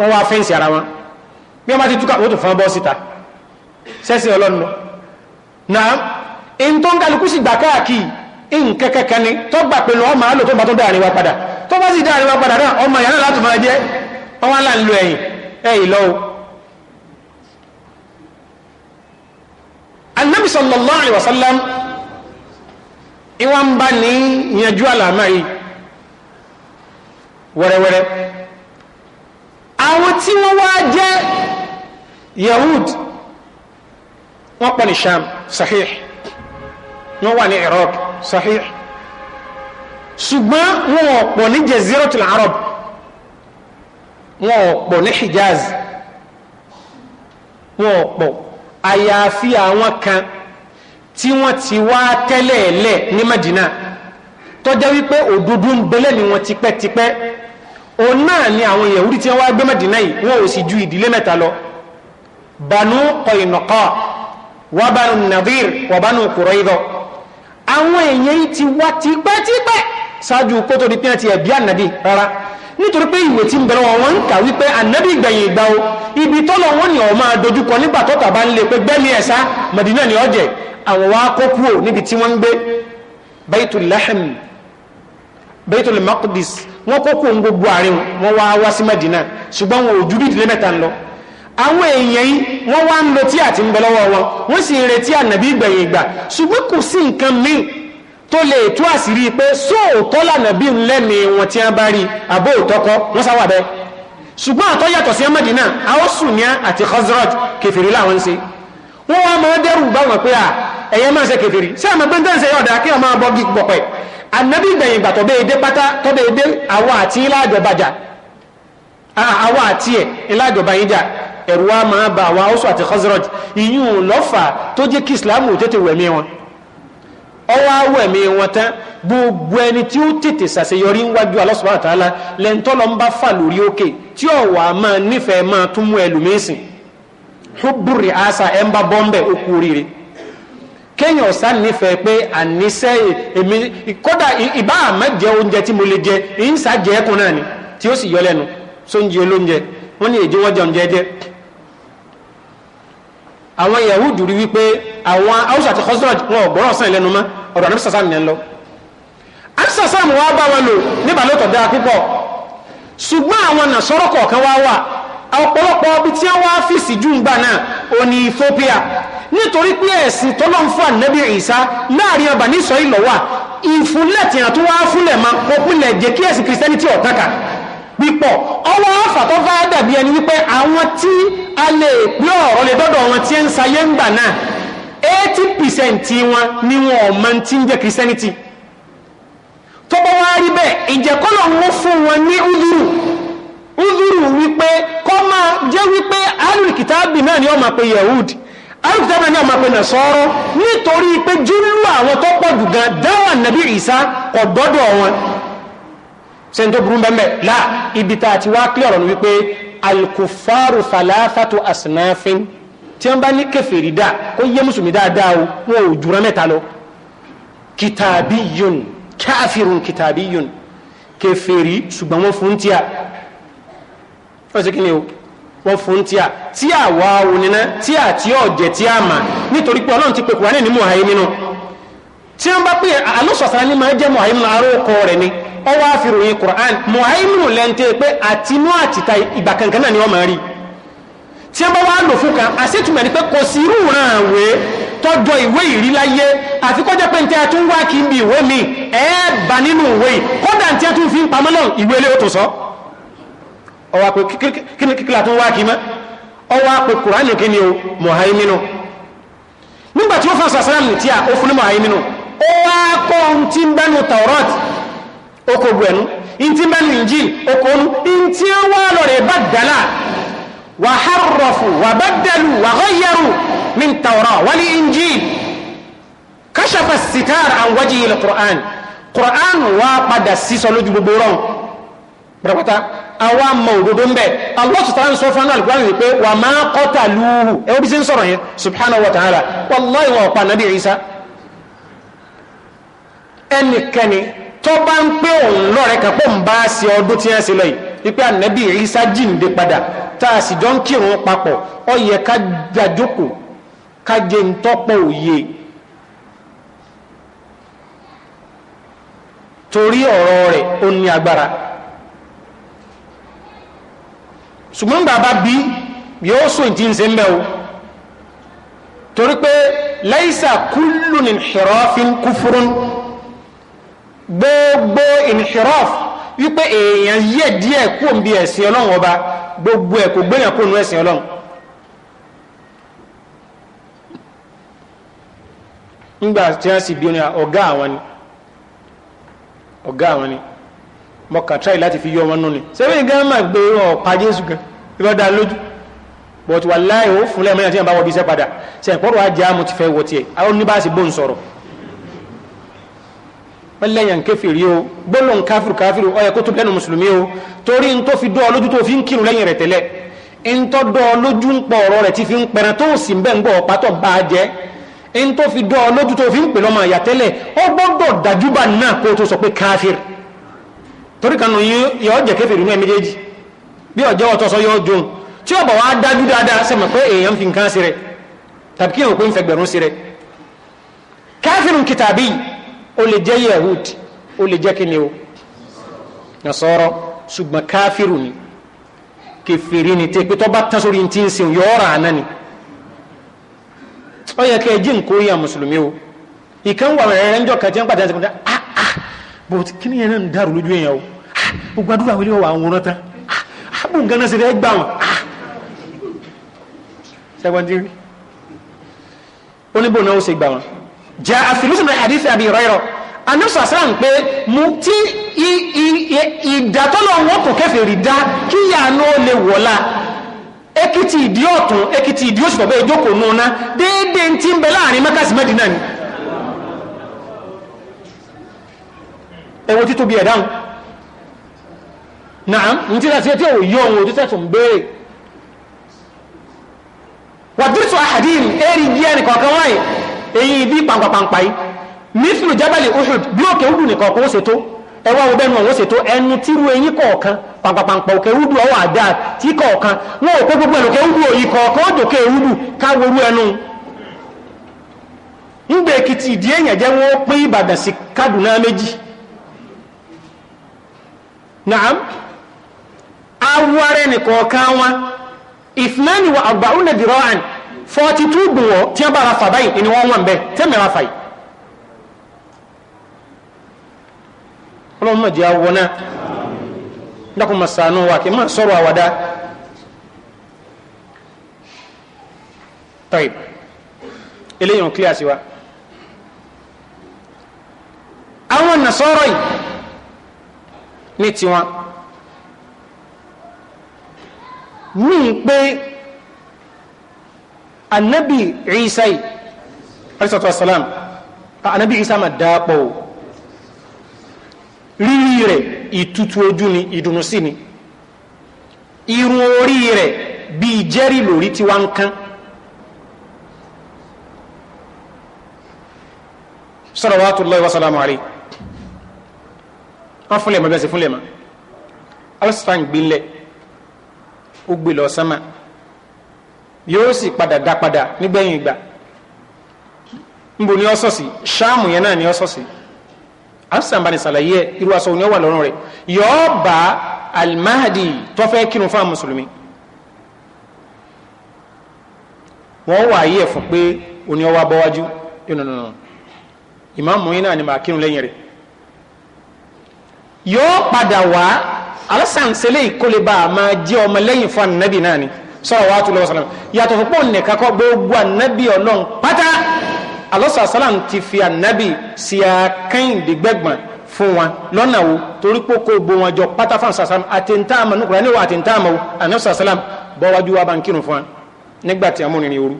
wọ́n wá fẹ́ǹsì ara wọn bí wọ́n bá ti túkà wọ́n tó fọ́n bọ́ síta sẹ́sìn ọlọ́nu náà in tó ń kálukú sì gbà káàkiri nǹkan kankan ni tó gbà pé lọ́ọ́ máa lò tó bá tó dáàrin wa padà tó bá sì dáàrin wa padà náà ọmọ ìyá náà láti máa jẹ́ ọwọ́n là ń lo ẹ̀yìn ẹ̀yìn lọ́wọ́ annabi sallallahu alaihi wasallam ìwọ̀n bá ní ìyànjú àlàmà yìí wẹ́rẹ́wẹ́rẹ́ àwọn tí wọ́n wá jẹ́ yahud wọ́n pọ̀ ní sham sahih wọ́n wà ní iraq sahih ṣùgbọ́n wọn ò pọ̀ ní jaziratul arab wọn ò pọ̀ ní hijaz wọn ò pọ̀ àyàfi àwọn kan tí wọ́n ti wá tẹ́lẹ̀ẹ́lẹ̀ ní madina tọ́jẹ́ wípé òdodo ń belẹ̀ ni wọ́n tipẹ́tipẹ́ òun náà ni àwọn yahudi tí wọ́n wá gbé madina yìí wọn ò sì ju ìdílé mẹ́ta lọ banu kọ̀ìnàkọ́ wa banu nadir wa banu qurayza àwọn èèyàn ti wá tipẹ́tipẹ́ ṣáájú kó tó di pé àti ẹ̀bí ànàbí rárá nítorí pé ìwé tí ń bẹ̀rẹ̀ wọn ń kà wípé ànábì ìgbẹ̀yìn ìgbà o ibi tọ́lọ̀ wọn ni ọ̀ọ́ máa dojúkọ nígbà tó tàbá ń lè pé gbẹ́mí ẹ̀sá mẹ̀dínà ni ọ̀jẹ̀ àwọn wa kó kúrò níbi tí wọ́n ń gbé baitul lahm baitul maqdis wọ́n kó kúrò ń gbogbo àárín wọn wá wá sí mẹ̀dínà ṣùgbọ́n wọn ò àwọn èèyàn yìí wọ́n wá ń lo tí àti ń bẹ lọ́wọ́ wọn wọ́n sì ń retí ànàbí gbẹ̀yìn ìgbà ṣùgbọ́n kò sí nǹkan míì tó lè tú àṣírí pé sóòótọ́ lànàbí ńlẹ́mi wọn tí wọ́n bá rí àbó òtọ́kọ́ wọ́n sáwà bẹ́ẹ̀ ṣùgbọ́n àtọ́ yàtọ̀ sí Mẹ́dínà àwọn Sùnìyà àti Khazraj kẹfìrí làwọn ń ṣe wọ́n wá máa dẹ́rù bá wọn pé à ẹ̀yẹ máa ṣe kẹfìrí sí àmọ́ pé ń tẹ́sẹ̀ yọ̀ọ̀dà kí wọ́n bọ́ gí pọ̀pẹ́ ànàbí gbẹ̀yìn ìgbà tọ́bẹ̀ èdè pátá tọ́bẹ̀ èdè àwọn àti ilá àjọbàjà ẹ̀rù wa máa bá àwọn Awúsù àti Khazraj ìyún lọ́fà tó jẹ́ kí Islam ò tètè wẹ̀mí wọn ọwọ́ awẹ̀mí wọn tán gbogbo ẹni tí ó tètè ṣàṣeyọrí níwájú Allah ń bá fà lórí asa ẹ̀ ń bá bọ́m̀bẹ̀ okú oríire kéèyàn ọ̀sá nífẹ̀ẹ́ pé àníṣe èmi kódà ìbá àmẹ́jẹ oúnjẹ tí mo lè jẹ ìyínsá jẹ ó sì yọ lẹ́nu sóúnjẹ olóúnjẹ wọ́n ní èjì wọ́n jẹun jẹ́jẹ́ àwọn Yahudu rí wípé àwọn Hausa àti Khazraj wọn ò gbọ́rọ̀ sàn lẹ́nu mọ́ ọ̀dọ̀ àdébísà sáà nìyẹn lọ àdébísà sáà wọn bá wọn lò níbàlótọ̀ dára púpọ̀ ṣùgbọ́n àwọn nàṣọ́rọ̀ kọ̀ọ̀kan wá wà ọ̀pọ̀lọpọ̀ ibi tí wọ́n wá fìsì jù ń gbà náà ò ní Ethiopia nítorí pé ẹ̀sìn tọ́lọ́n fún ànábì Ìsá láàrin ọba ní sọ ìlọ́wà ìfúnlẹ̀ tí a tún wá fúnlẹ̀ máa kọkúnlẹ̀ jẹ́ kí ẹ̀sìn Christianity ọ̀tàkà pípọ̀ ọwọ́ àfàtọ́ bá dàbí ẹni wípé àwọn tí a lè pé ọ̀rọ̀ lè dọ́dọ̀ wọn tí ń sayé ń gbà náà eighty percent wọn ni wọn ò mọ tí ń jẹ́ christianity tó bá wá rí bẹ́ẹ̀ ìjẹ́kọ́lọ̀ ń fún wọn ní uduru uduru wípé kọ́ máa jẹ́ wípé alùkìtàbì náà ni ó máa pe yehud alùkìtàbì náà ni ó máa pe nàṣọ́rọ́ nítorí pé sẹ́ńtò burú bẹ́ẹ̀ láà ibi tá a ti wá kílẹ̀ ọ̀rọ̀ ni wípé alkufaru falafatu asinafin tí wọ́n bá ní kẹfìrí dá kó yé mùsùlùmí dáadáa o wọn ò jura mẹ́ta lọ kìtàbíyun káfírun kìtàbíyun kẹfìrí ṣùgbọ́n wọ́n fún tíà wọ́n sì kí ni o wọ́n fún tíà tíà wà ó nínú tíà tí ó jẹ tíà mà nítorí pé ọlọ́run ti pe kùránì ní muhaiminu tí wọ́n bá pè alóṣọ̀sára ní máa jẹ́ muhaiminu arókọ rẹ̀ ni. ọ wá fi ròyìn Qur'an muhaimunu lẹ́ntẹ́ pé àtinú àtìta ìgbà náà ni wọ́n rí tí wọ́n bá wá lò fún kan àṣetùmọ̀ ni pé kò sí irú ràn àwé tọ́jọ́ ìwé ìrí láyé àfi kọjá pé ntẹ́ tún wá kí n bí ìwé mi ẹ̀ bá nínú ìwé tún fi ń pamọ́ náà ìwé ilé ó tó sọ ọwọ́ kíkìlá tún wá kí mọ́ ọwọ́ kí ni o nígbà tí ó sàṣẹ́ràn ó fún ní ó wá kọ́ ohun tí ń bẹ́nu oko gbẹ̀nu in ti mẹ́lì injil oko nu in ti wá lọ rẹ̀ bá dàlà wà harrafu wà baddalu wà ghayyaru min tawra wal injil kashafa sitar an wajhi al-Qur'an Qur'an wá padà sísọ lójú gbogbo rọrùn pẹ̀lẹ́pẹ̀ta àwa mọ òdodo ń bẹ̀ Allah ta'ala ń sọ fún anáàlú gbáyìí pé wà máa qataluhu ẹwọ́ bí sí ń sọ̀rọ̀ yẹn subhanahu wa ta'ala wallahi wọn ọ̀pá nàbí Isa ẹnikẹ́ni tọ́ba ń pé òun lọ́rẹ̀ kan pọ̀ ń bá a ṣe ọdún tí wọ́n ṣe lọ yìí wípé ànábì ìrísá jíǹde padà tá a sì jọ ń kírun papọ̀ ó yẹ ká jàjókòó ká jẹ ń tọ́pọ̀ òye torí ọ̀rọ̀ rẹ̀ ó ní agbára ṣùgbọ́n bàbá bí yóò sùn tí ń ṣe ń bẹ̀ o torí pé láìsà kúlù ní ṣẹ̀rọ́fín kúfúrún gbogbo inhiraf wípé èèyàn yẹ díẹ̀ kú òun bí ẹ̀sìn ọlọ́run ọba gbogbo ẹ̀ kò gbéyàn kó nu ẹ̀sìn ọlọ́run nígbà tí wọ́n sì bí oní ọ̀gá àwọn ni ọ̀gá àwọn ni mo kà tíráì láti fi yọ wọn nù ni sẹ́fẹ́ nǹkan máa gbé ọ̀pá jésù gan ibà dá lójú bọ̀tù wà láì ó fúnlẹ̀ mọ́yàn tí wọ́n bá wọ bí iṣẹ́ padà sẹ́yìn ajá mo ti fẹ́ wọ tiẹ̀ àwọn oníbàásí bò ń sọ̀rọ̀ ọlẹ́yìn kẹfìrí o gbólóhùn káfìrì káfìrì ó yẹ kó tó lẹ́nu mùsùlùmí o torí n tó fi dọ́ lójú tó fi ń kírun lẹ́yìn rẹ̀ tẹ́lẹ̀ n tó dọ́ lójú ń pọ̀ ọ̀rọ̀ rẹ̀ ti fi ń pẹran tó sì ń bẹ́ ń gbọ́ ọ̀pá tó bá a jẹ́ n tó fi dọ́ lójú tó fi ń pè lọ́mọ àyà tẹ́lẹ̀ ó gbọ́dọ̀ dájú bá náà kó tó sọ pé káfìrì torí kan yóò jẹ́ kẹfìrí ní ó lè jẹ́ yahud ó lè jẹ́ kíni o nasọ́rọ́ ṣùgbọ́n káfíru ni kẹfìrí ni tẹ pé tọ́ba tán sórí ti ń sìn yọ ọ̀rọ̀ ni ó yẹ kẹ́ ẹ jí nǹkó yà mùsùlùmí o ìkan wà rẹ̀ rẹ̀ ń jọ kàtí ń pàtàkì ṣẹ̀kúndà ah ah bò kini ni yẹn náà ń dàrú lójú yẹn o ah gbogbo àdúrà wọlé wà ń wúrọ́ tán ah ah bò nǹkan náà ṣe fẹ́ gbà wọn ah ṣẹ́gbọ́n dín rí ó ní bò náà ó ṣe gbà jẹ́ àfìlúsùn náà àdífẹ́ àbí ìrọ́ìrọ̀ anúṣà sáà ń pé mú tí ìdátọ́lọ̀ wọn kò kẹfẹ́ rí dá kí yàánú ó lè wọ̀lá ekiti ìdí ọ̀tún ekiti ìdí òṣùpọ̀ bẹ́ẹ̀ jókòó núna déédéé tí ń bẹ láàrin mẹ́kàsí mẹ́dínà ni ẹwọ títóbi ẹ̀dáhùn náà ní tí láti ẹ̀tí òyí ohun òtítẹ́ tó ń béèrè wàdúrítù àhàdín èrì díẹ̀ nìkọ̀ọ̀kan wáyé èyí bí pàǹpàǹpà yìí mísìlù jábàlì Uhud bí òkè Uhud nìkan kó ṣètò ẹwà wo bẹ́nu ọ̀hún ṣètò ẹnu tírú eyín kọ̀ọ̀kan pàǹpàǹpà òkè Uhud ọwọ́ àdá tí kọ̀ọ̀kan wọn ò pé gbogbo ẹ̀lòkè Uhud òyì kọ̀ọ̀kan ó dòkè Uhud káworú ẹnu ńgbè Èkìtì ìdí èèyàn jẹ́ wọ́n pín Ìbàdàn sí Kaduna méjì wa forty two gbòwọ́ tí wọ́n bá ra fà báyìí ni wọ́n wọ̀n bẹ́ẹ̀ tẹ́mi ra fà yìí. ọlọ́run mọ̀ jẹ́ awọ náà dákun ma sànú wa kì í máa sọ̀rọ̀ àwàdà. tọ́yì eléyìí ò kílíà sí wa. àwọn nàṣọ́rọ̀ yìí ní tiwọn ní pé anabi isa yìí alisatu wasalam anabi isa ma daa pọ̀ o rírí rẹ̀ ìtutù ojú ni ìdùnnú sí ni irun orí rẹ̀ bíi jẹ́rìí lórí tí wọ́n ń kán. salawatullahi wa salamu alayhi wọn fúnlẹ̀ mọ́ bí wọ́n ṣe fúnlẹ̀ mọ́ alásùfáà ń gbé ó gbé lọ sánmà yóò sì padà dá padà nígbẹ̀yìn ìgbà nbò ní ọ́sọ̀sì ṣáàmù yẹn náà ní ọ́sọ̀sì asàmbani sàlàyé ẹ irú aṣọ òní ọwà lọ́rùn rẹ̀ yóò bá alimahadi tó fẹ́ fún àwọn mùsùlùmí wà ayé ẹ̀fọ́ pé òní ọwà bọ́wájú nínú ìmáàmù yẹn náà ni màá padà wá ìkólébà máa sọ̀rọ̀ wa tún lọ sọ̀rọ̀ yàtọ̀ fún pọ́ùn nìkan kọ́ gbogbo ànábì ọlọ́run pátá alọ́sàsálàm ti fi ànábì sí akẹ́yìndínlẹ́gbọ̀n fún wa lọ́nà wo torí pé kó gbó wọn jọ pátá fún sàsálàm àtẹ̀ntàmà nùkúrẹ́ níwọ̀ àtẹ̀ntàmà wo ànábìsàsálàm wa bá ń kírun fún wa nígbà amúnirin ooru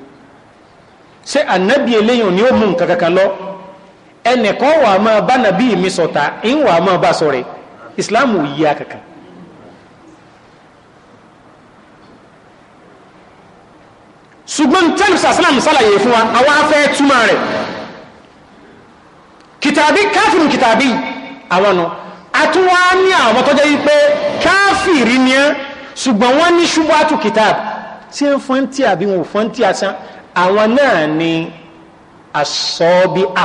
ṣé ànábì eléyìn ni ó mú nǹkan kankan lọ ẹnìkan wà máa bá nàbí mi sọ̀tà ń wà máa bá sọ̀rẹ̀ ìsìláàmù yíya kankan ṣùgbọ́n tẹ́lù sàsánàmù sálàyé fún wa àwọn afẹ́ túmọ̀ rẹ̀ kìtàbí káfìrù kìtàbí àwọn nù àtúwá ní àwọn tó jẹ́ wípé káfìrí ni ẹ́ ṣùgbọ́n wọ́n ní ṣubátù kìtàbí tí ń fọ́n tí àbí wọn ò fọ́n tí asán àwọn náà ni asọ́bí à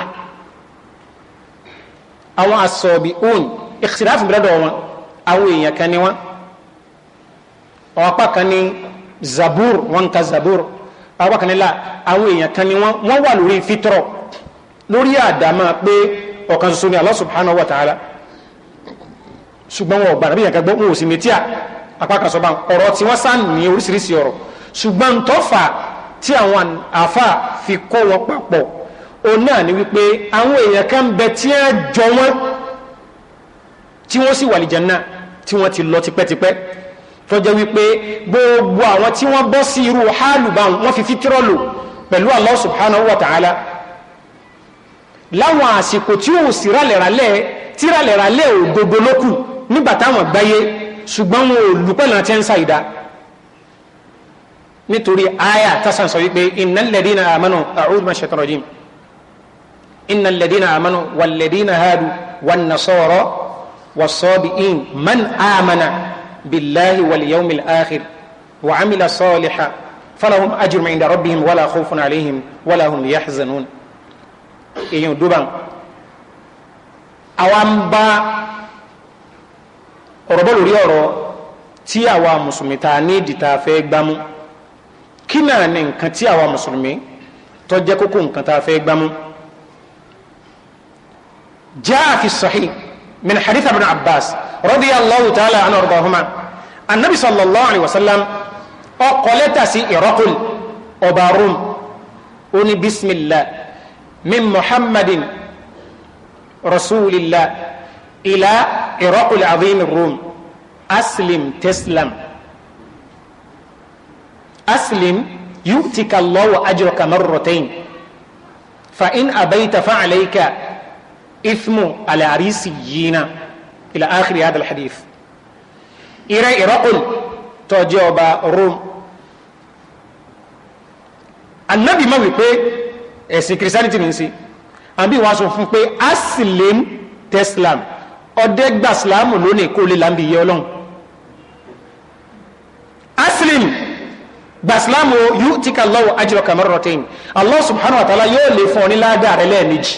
àwọn asọ́bí òun ìṣìláfù bẹ̀rẹ̀dọ̀ wọn àwọn èèyàn kan ni wọn àwọn kan ni zabur wọn ka zabur awákanilá àwọn èèyàn kan ni wọ́n wọ́n wà lórí fitrọ lórí àdámà pé ọ̀kan ṣoṣo ni Allah subhanahu wa ta'ala ṣùgbọ́n wọn ọ̀gbà nàbí ìyànkan gbọ́ wọn ò sì mẹ́tíà apákasọ̀bá ọ̀rọ̀ tí wọ́n sá ní oríṣiríṣi ọ̀rọ̀ ṣùgbọ́n tọ́fà tí àwọn àfà fi kọ́ wọn papọ̀ o náà ni wípé àwọn èèyàn kan bẹ tí wọ́n jọ wọn tí wọ́n sì wà lìjẹ̀ náà tí wọ́n ti lọ tipẹ́tipẹ́ tó jẹ́ wípé gbogbo àwọn tí wọ́n bọ́ sí irú hálù bá wọ́n fi fítírọ́ lò pẹ̀lú Allah subhanahu wa ta'ala láwọn àsìkò tí ò sí rálẹ̀rálẹ̀ tí ò gbogbo lókù nígbà táwọn gbáyé ṣùgbọ́n wọn ò lù pẹ̀lú àti ẹ̀ńsà ìdá nítorí àyà tásán wípé innal ladina amanu a'udhu minash shaitanir rajim innal ladina amanu wal ladina hadu man amana بالله واليوم الآخر وعمل صالحا فلهم أجر عند ربهم ولا خوف عليهم ولا هم يحزنون èèyàn dúbà àwa ń bá ọ̀rọ̀ bọ́ lórí ọ̀rọ̀ tí àwa mùsùlùmí ta ní ìdìta fẹ́ gbámú kí náà ni nǹkan tí àwa mùsùlùmí tó jẹ́ kókó nǹkan ta fẹ́ gbámú jaa fi sahih min hadith ibn abbas radiyallahu ta'ala anhu ọ̀rọ̀bọ̀húnmá annabi sallallahu alaihi wasallam ọkọ̀ lẹ́tà sí ìrọ́kùl ọba rum ó ní bismillah min muhammadin rasulillah ila ìrọ́kùl azim rum aslim teslam aslim yu'tika allahu ajraka marratayn fa in abaita fa alayka ithmu ala ila akhiri hadal hadith ire iraqul tó jẹ́ ọba rome anabi ma wípé ẹ̀sìn kìrìsìtánìtì ní sí àbí wàá sọ fún pé asilim teslam ọdẹ gbà sílámù lónìí kó lè láǹbì yẹ ọlọ́run asilim gbàsílámù yóò tí ká lọ́wọ́ ajírọ̀ kàmọ́rọ̀ rọ̀tẹ́yìn allah subhanahu wa ta'ala yóò lè fún ní ládàá rẹ lẹ́ẹ̀mejì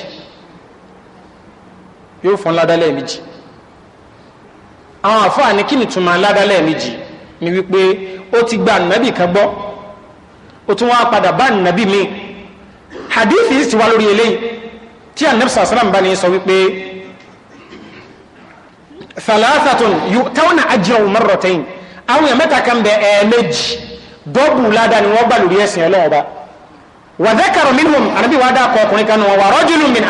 yóò fún ọ ládàá lẹ́ẹ̀mejì àwọn àfáàní kí ni túmọ̀ aládá lẹ́ẹ̀mejì ni wípé ó ti gba ànábì kan gbọ́ ó tún wá padà bá ànábì míì hadithi ti wá lórí eléyìí tí ànábì sàlám bá ní sọ wípé thalathatun yu'tawna ajrahum marratayn àwọn èèyàn mẹ́ta kan bẹ ẹ̀ẹ̀mejì dọ́bù ládá ni wọ́n gbà lórí ẹ̀sìn ọlọ́ọ̀ba wa dhakara minhum ànábì wá ọkùnrin kan wọn wa rajulun min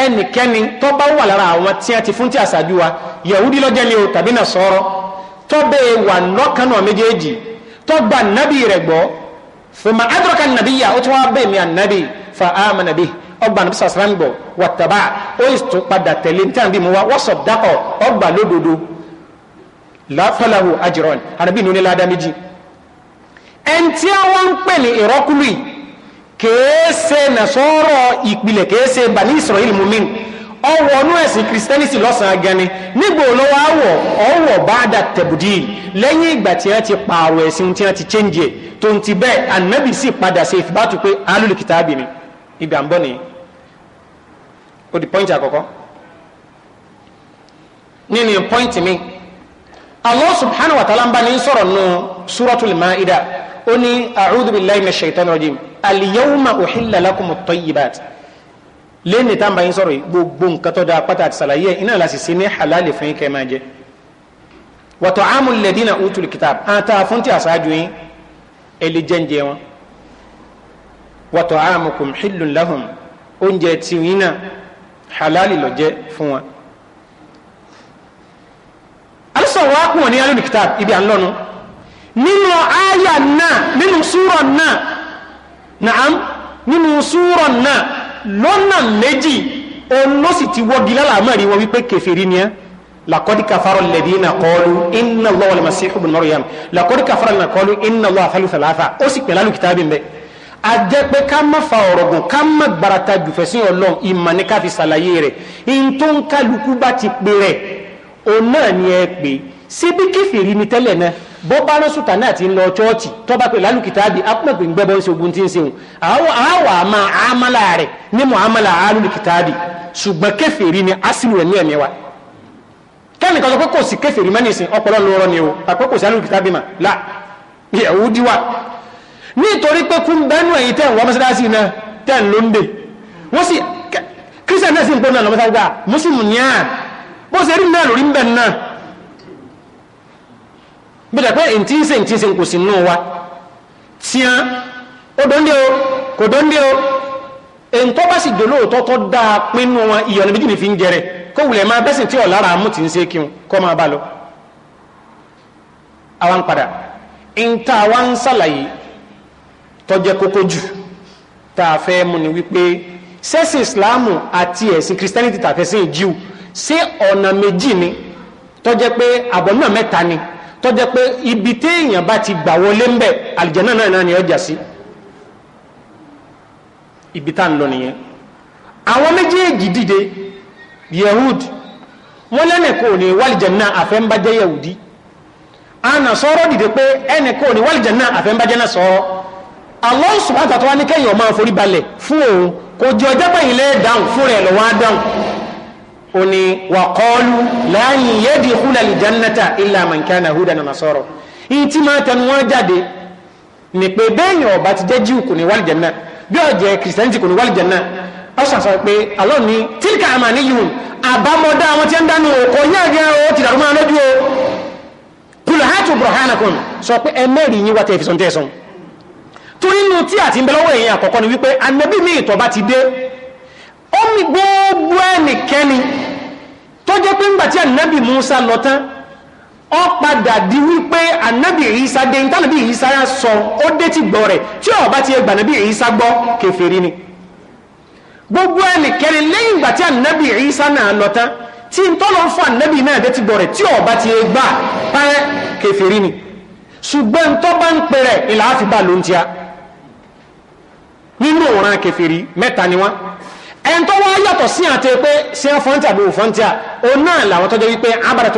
ẹnikẹ́ni tó bá wà lára àwọn tí a ti fún tí àṣáájú wa yahudi lọ́jẹ́ ni o tàbí náà sọ̀rọ̀ tó bẹ́ẹ̀ wà lọ́kànnà méjèèjì tó gba nàbì rẹ̀ gbọ́ fòmà adúrọ̀kà nàbì yà ó tún wá bẹ́ẹ̀ mi ànàbì fa ama nàbì ọgbà nàbì sàṣàrán bọ̀ wà tàbá ó tó padà tẹ̀lé ní tàbí mu wa wọ́n sọ̀ dákọ̀ ọgbà lódodo láfọláhù àjùrọ̀ ànàbì nínú ní ládàá kèése nàṣọ́rọ̀ ìpìlẹ̀ kèése bani israel mumin ọwọ́ ọ̀nú ẹ̀sìn kìrìsìtẹ́nìsì lọ́sàn-án nígbò olówó àwọ̀ ọwọ́ báadà tẹ̀bùdì lẹ́yìn ìgbà tí wọ́n ti pààrọ̀ ẹ̀sìn tí wọ́n ti chẹ́ǹjẹ̀ tó ń ti bẹ́ẹ̀ ànábì sì padà ṣe ìfìbátú pé alólùkìtà àbìnrin ń bọ̀ nìyí di pọ́ǹtì àkọ́kọ́ nínú pọ́ǹtì mi subhanahu wa ta'ala ó ní a'udhu billahi minash shaitani rajim al-yawma uhilla lakumut tayyibat lẹ́ni tá à ń bá yín sọ̀rọ̀ yìí gbogbo nǹkan tó da pátá àti sàlàyé ẹ̀ iná láti ṣe ní halali fún yín kẹ́ máa jẹ wa ta'amul ladina utul kitab àtà fún ti àṣáájú yín ẹ lè wọn wa ta'amukum hillun lahum oúnjẹ tìyín náà halali ló jẹ́ fún wọn. alisa wa kún wọn ní alul kitab ibi à ń lọ́nu nínú àyà náà nínú súrọ̀ náà naam nínú súrọ̀ náà lọ́nà méjì olóòsì ti wọ́gi lálàmọ́rí wọn wípé kèfèrí ni ẹ́ lakọ́dí kafarọ́ lẹ́dí iná kọlu iná lọ́wọ́ lè masihu bin maryam lakọ́dí kafarọ́ lẹ́dí iná kọlu iná lọ́wọ́ afẹ́lú fẹ́láfà ó sì pẹ̀lú alùkìtàbí mbẹ́ a jẹ́ pé ká má fa ọ̀rọ̀ gùn ká má gbarata jùfẹ̀sìn ọlọ́run ìmọ̀ ní ká tẹ́lẹ̀ náà bó bá rán sùtà náà ti ń lọ chọ́ọ̀chì tó bá pè lálùkìtàbí apọ̀pẹ̀ ń gbẹ́bọ́ sí ogun tí ń sehun àwọn àwà máa àmàlà rẹ̀ ní mọ̀ àmàlà alùkìtàbí ṣùgbọ́n kèfèrí ni asìlù rẹ̀ ní ẹ̀mí wa kẹ́mi kan sọ pé kò sí kèfèrí mẹ́nìsìn ọpọlọ ló ni o àpẹ́ kò sí alùkìtàbí mà là ìyàwó díwà nítorí pé kún bẹ́nu ẹ̀yìn tẹ́ wọ́n mọ́sálásí náà tẹ́ ń lóńdè wọ́n sì kírísítẹ̀ bí dàpẹ́ inti ń inti ntí ń ṣe nkùsì nù wa tiẹ́ ó dóńdé o kò dóńdé o èntọ́ bá sì dolóòtọ́ tọ́ dáa pinnu wọn ìyọ̀nà méjì ní fi ń jẹrẹ kó wulẹ̀ máa bẹ́sìn tí ọ̀lára amú ti ń ṣe kí wọn kọ́ máa bá lọ. àwa ń padà ntá wa ń ṣàlàyé tọ́jẹ́ kókó jù tá a fẹ́ mú ni wípé sẹ́sìn ìsìláàmù àti ẹ̀sìn kìrìsìtẹ́nìtì tàfẹ́sìn ìjíù ṣé ọ̀nà méjì ni tọ́jẹ́ ni tọ́jẹ́ pé ibi téèyàn bá ti gbà wọlé ń bẹ̀ àlìjẹ́nà náà ọjà sí ibi tá ń lọ nìyẹn àwọn méjèèjì dìde yehud wọ́n lẹ́nìkan ní wàlìjẹ́nà yehudi sọ́rọ́ dìde pé ní wàlìjẹ́nà àfẹ́ńbájẹ́ náà sọ́rọ́ Allah subhanahu wa ta'ala ní kẹ́yìn ọmọ àforíbalẹ̀ fún òun kò jẹ́ ọjọ́ oni wakọlu láàrin yẹ́dì húlàlì jannata ilá mankana húdà na nasọ́rọ̀ in ti máa tẹnu wọn jáde ní pé bẹ́yìn ọba ti jẹ́ jíù kò ní wàlì janna bí ó jẹ́ kìrìsìtẹ́ntì kò ní janna ó sọ pé alọ́ ni tílkà àmà ní yìí àbámọ́dá àwọn tí ń dánú òkò yẹ́ ẹ̀gẹ́ ó ti dàrú máa lójú o kùlù hàtù burhanakum sọ pé ẹ mẹ́rin yín wá tẹ̀fisọ́n tẹ̀sán torí inú tí àti ń bẹ lọ́wọ́ èèyàn àkọ́kọ́ anabi mi ìtọ̀ ti dé ó gbogbo ẹnikẹ́ni tí ànábì Musa lọ tán ọ padà di wípé ànábì Isa dé ìtànàbì Isa sọ ó dé ti gbọ́ rẹ̀ tí ó bá ti gbà ànábì Isa gbọ́ kèfèrí ni gbogbo ẹnìkẹrì lẹ́yìn ìgbà tí ànábì Isa náà lọ tán tí n tọ́lọ́ fún ànábì náà dé ti gbọ́ rẹ̀ tí ó bá ti gbà pẹ́ kèfèrí ni ṣùgbọ́n tó bá ń pè rẹ̀ ìlà àfibà ló ń tíya nínú òran kèfèrí mẹ́ta ni wọ́n ẹn tó wá yàtọ̀ sí àti pé ṣé ń fọ́ntì àbí òfọ́ntì à òun náà làwọn tọ́jọ́ wípé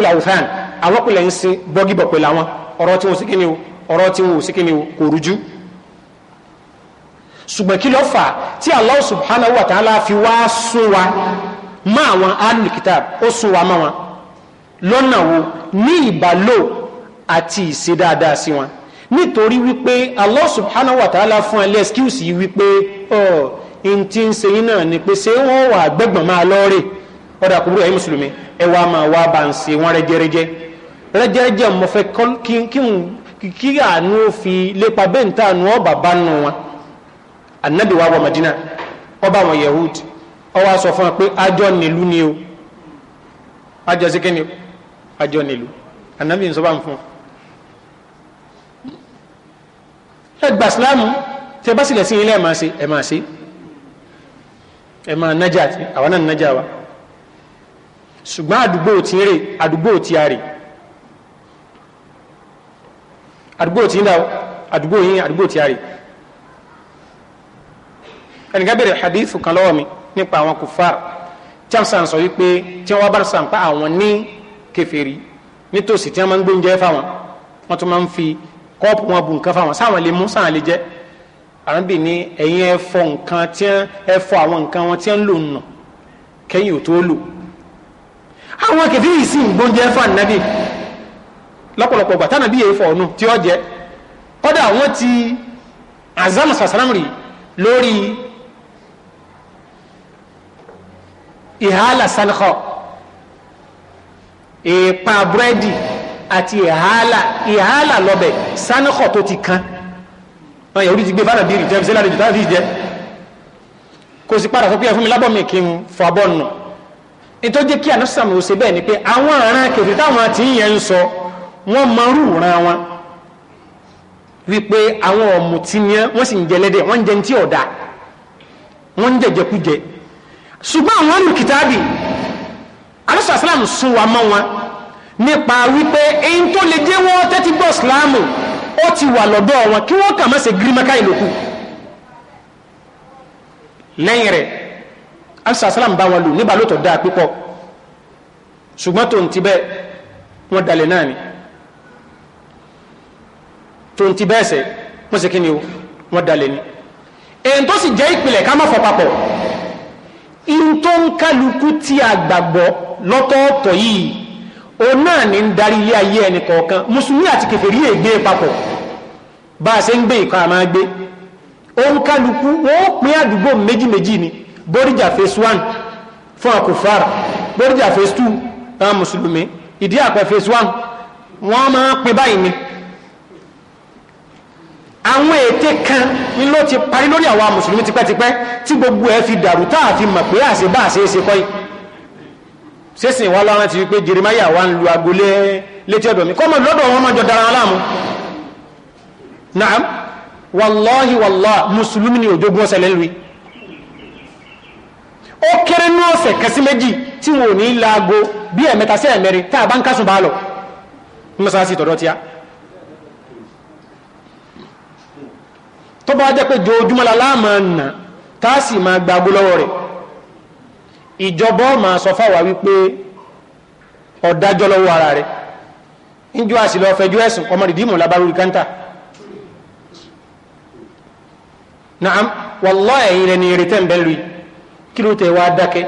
la awthan àwọn kùlẹ̀ ń sin bọ́gìbọ̀ pẹ̀lú àwọn ọ̀rọ̀ tí wọn ò kíni o ọ̀rọ̀ tí wọn ò kíni o kò rújú. ṣùgbọ́n kí ló fà á tí Allah subhanahu wa ta'ala fi wá sún wa má àwọn ahlul kitab ó sún wa má wọn lọ́nà wo ní ìbálò àti ìṣe dáadáa sí wọn nítorí wípé Allah subhanahu wa ta'ala fún ẹ lẹ́skíùsì wípé ọ̀ọ́ n ti ń ṣe náà ni pé ṣé wọ́n wà gbẹ́gbọ̀n máa lọ́ọ̀rẹ́ ọ̀dà kúrú ẹ̀yin mùsùlùmí ẹ wá máa wá bá ń ṣe wọn rẹ́jẹ́rẹ́jẹ́ rẹ́jẹ́rẹ́jẹ́ mo fẹ́ kí àánú fi lépa bẹ́ẹ̀ níta àánú ọ̀bà bá nù wọn ànábì wa wọ Madina ọba àwọn Yahud ọwọ́ aṣọ fún wa pé ajọ́ nílùú ni o ajọ́ sí kíni o ajọ́ nílùú ànábì ń sọ bá ń fún ẹ gbà sílámù tẹ bá sílẹ̀ sí ilé ẹ̀ máa ṣe ẹ̀ máa ṣe ẹ máa nájà àti àwọn náà nájà wa ṣùgbọ́n àdúgbò tí ń rè àdúgbò tí a rè àdúgbò tí ń dà àdúgbò yín àdúgbò tí a rè ẹnìkan bèrè hadithu kan lọ́wọ́ mi nípa àwọn kùfàr tí wọ́n sàn sọ wípé tí wọ́n bá sàn pa àwọn ní kèfèrí nítòsí tí wọ́n máa ń gbóúnjẹ fáwọn wọ́n tún máa ń fi kọ́ọ̀pù wọn bu nǹkan fáwọn sáwọn lè mú sáwọn lè jẹ́ àrùnbí ni ẹ̀yin ẹ̀fọ́ nǹkan tí ẹ̀fọ́ àwọn nǹkan wọn tí ń lò nù kẹ́yìn ò tó lò àwọn kẹfìrì sì ń gbóúnjẹ fún ànábì lọ́pọ̀lọpọ̀ gbà tánàbí yẹn fọ̀ ọ̀nù tí ó jẹ́ kọ́dà wọ́n ti azam sàsánámù rí lórí ìhálà sankọ ìpa búrẹ́dì àti ìhálà ìhálà lọ́bẹ̀ sankọ tó ti kan wọn yẹ̀wò ti gbé fánà bíi rìtẹ́ fìsẹ́lá rìtẹ́ fìsẹ́ jẹ́ kò sì padà sọ pé ẹ fún mi lábọ̀ mi kí n fọ abọ́ nù nítorí jẹ́ kí ànásàmì ò ṣe bẹ́ẹ̀ ni pé àwọn aràn kèfì táwọn àti yẹn ń sọ wọ́n máa rú ran wọn wípé àwọn ọ̀mùtí ni wọ́n sì ń jẹ lẹ́dẹ̀ wọ́n ń jẹ ní tí ọ̀dà wọ́n ń jẹjẹkújẹ ṣùgbọ́n ó ti wà lọ́dọ̀ wọn kí wọ́n kà má ṣe gírímẹ́ká ìlòkù lẹ́yìn rẹ̀ alṣàṣàlám bá wọn lò nígbà lóòtọ́ dáa púpọ̀ ṣùgbọ́n tó ń ti bẹ́ẹ̀ wọ́n dalẹ̀ náà ni tó ń ti bẹ́ẹ̀ sẹ́ wọ́n ṣe kí ni o wọ́n dalẹ̀ ni èyí tó sì jẹ́ ìpìlẹ̀ ká má fọ papọ̀ in tó ń kálukú ti àgbàgbọ́ lọ́tọ̀ọ̀tọ̀ yìí òun náà ní ń darí ilé ayé ẹni kọ̀ọ̀kan mùsùlùmí àti kèfèrí ègbé papọ̀ bá a ṣe ń gbé ìkan àmà gbé òun kálukú wọn pín àdúgbò méjì méjì ni bóríjà one fún àkùfàr bóríjà phase two àwọn musulmi ìdí àpẹ one wọn máa pín báyìí ni àwọn kan ni ló ti parí lórí àwa musulmi tipẹ́tipẹ́ tí gbogbo ẹ fi dàrú tá fi mọ̀ sísìn wọn láwọn ti wípé jeremaya wa ń lu agolé létí ọ̀dọ̀ mi kọ́mọ̀ lọ́dọ̀ wọn mọ́jọ dára aláàmú naam wàláhì wàláhì mùsùlùmí ni òjògùn ọ̀sẹ̀ lẹ́lùí ó kéré ní ọ̀sẹ̀ kẹsí méjì tí wọn ò ní laago bí ẹ̀mẹta sí ẹ̀mẹrin tá a bá ń kásùn bá lọ mọ́sáàsì tọ̀dọ̀ tíá tó bá jẹ́ pé jojúmọ́lá láàmà nà tá a sì máa gbàgbó lọ́wọ́ rẹ̀ ìjọba ọmọ sọ fáwà wípé ọ̀dájọ́ lọ́wọ́ ara rẹ̀ níjọ́ àsìlọ fẹjú ẹ̀sùn ọmọ ìdímọ̀ labarú kántà na'am wallahi ẹ̀yìn rẹ̀ ni ìrètẹ́ ń bẹ́lú kí ló tẹ̀ wá dákẹ́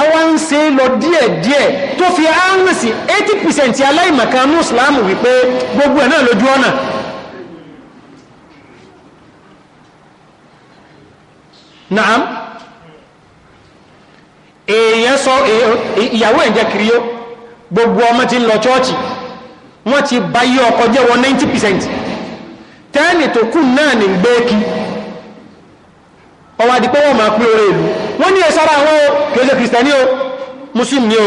àwọn ń ṣe lọ díẹ̀ tó fi áhùn sí 80% aláìmọ̀kan mùsùlámù wípé gbogbo ẹ̀ náà lójú ọ̀nà na'am èèyàn sọ ìyàwó ẹ̀ jẹ́ kiri gbogbo ọmọ ti lọ chọ́ọ̀chì wọ́n ti bá ọkọ jẹ́ wọ 90% tẹ́ẹ̀nì tó kù náà ní gbé kí ọwọ́ àdìpọ́ wọ́n máa pín orí ìlú wọ́n ní ẹ̀sára àwọn o mùsùlùmí ni o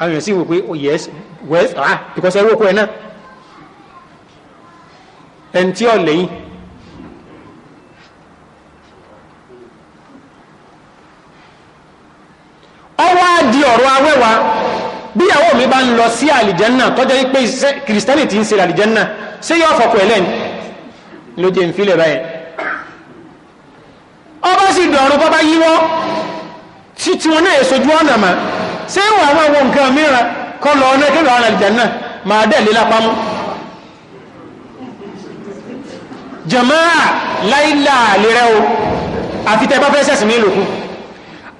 àwọn èèyàn oh yes west ah because ẹrú òkú ẹ náà ẹni tí ọwọ́ á di ọ̀rọ̀ awẹ́wà bí ìyàwó mi bá ń lọ sí àlìjẹ́nà tọ́jọ́ yí pé kìrìsìtẹ́nì ti ń ṣe àlìjẹ́nà ṣé yóò fọkọ̀ ẹ̀ lẹ́nu ló jẹ́ ìfilẹ̀ báyẹn ọba sì dọ̀rùn bọ́ bá yíwọ́ títí wọn náà èsojú ọ̀nà mà ṣé wà á máa wọ nǹkan mìíràn kọ́ lọ ọ̀nà kí lọ́ọ́ àlìjẹ́nà máa dẹ̀ lé lápá mú jàmáà láìláà lérẹ́ o àfi tẹ́ bá fẹ́ sẹ̀sìn ní ìlòkùn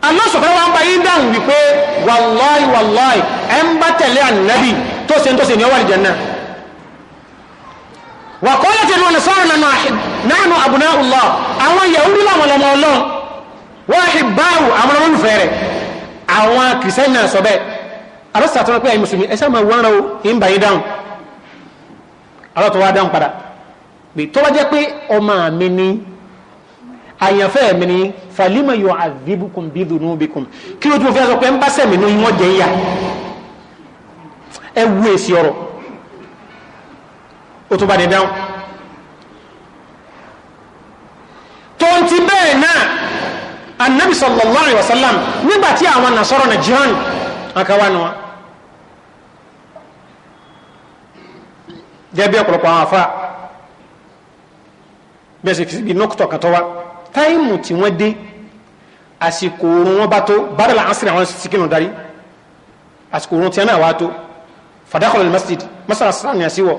alọ́sọ̀kọ́lá wa ń bá yín dáhùn wípé wàláì wàláì ẹ̀ ń bá tẹ̀lé ànábì tó ṣe ń tó ṣe ní ọwọ́ àlìjẹ́nà wà kọ́ láti ẹnu ọ̀nà sọ́rọ̀ nánú nánú àbùná ọ̀lọ́ àwọn yahudi làwọn ọmọ ọlọ́ wọ́n ṣe báwù àwọn ọmọ olùfẹ́ rẹ̀ àwọn kìrìsẹ́nì náà sọ àyànfẹ́ mi ni falima yọ àdìbùkún bí dunubikum kí ló tún fẹ́ sọ pé ń bá sẹ̀mí ní wọ́n jẹ́ yà ẹ wú èsì ọ̀rọ̀ ó tún bá ní dáhùn. tonti bẹ́ẹ̀ náà anabi sallallahu alayhi wa sallam nígbà tí àwọn nasọ́rọ̀ na jihan akawa nù wa. jẹ́ bí ọ̀pọ̀lọpọ̀ àwọn afa bẹ́ẹ̀ sì bí nọ́kùtọ̀ kàtọ́ táìmù tí wọ́n dé àsìkò oorun wọn bá tó bàdà là ń sìn àwọn sikinu darí àsìkò oorun tiẹ̀ náà wá tó fàdákọ̀lọ̀ ní masjid masara sara ní àsìwọ̀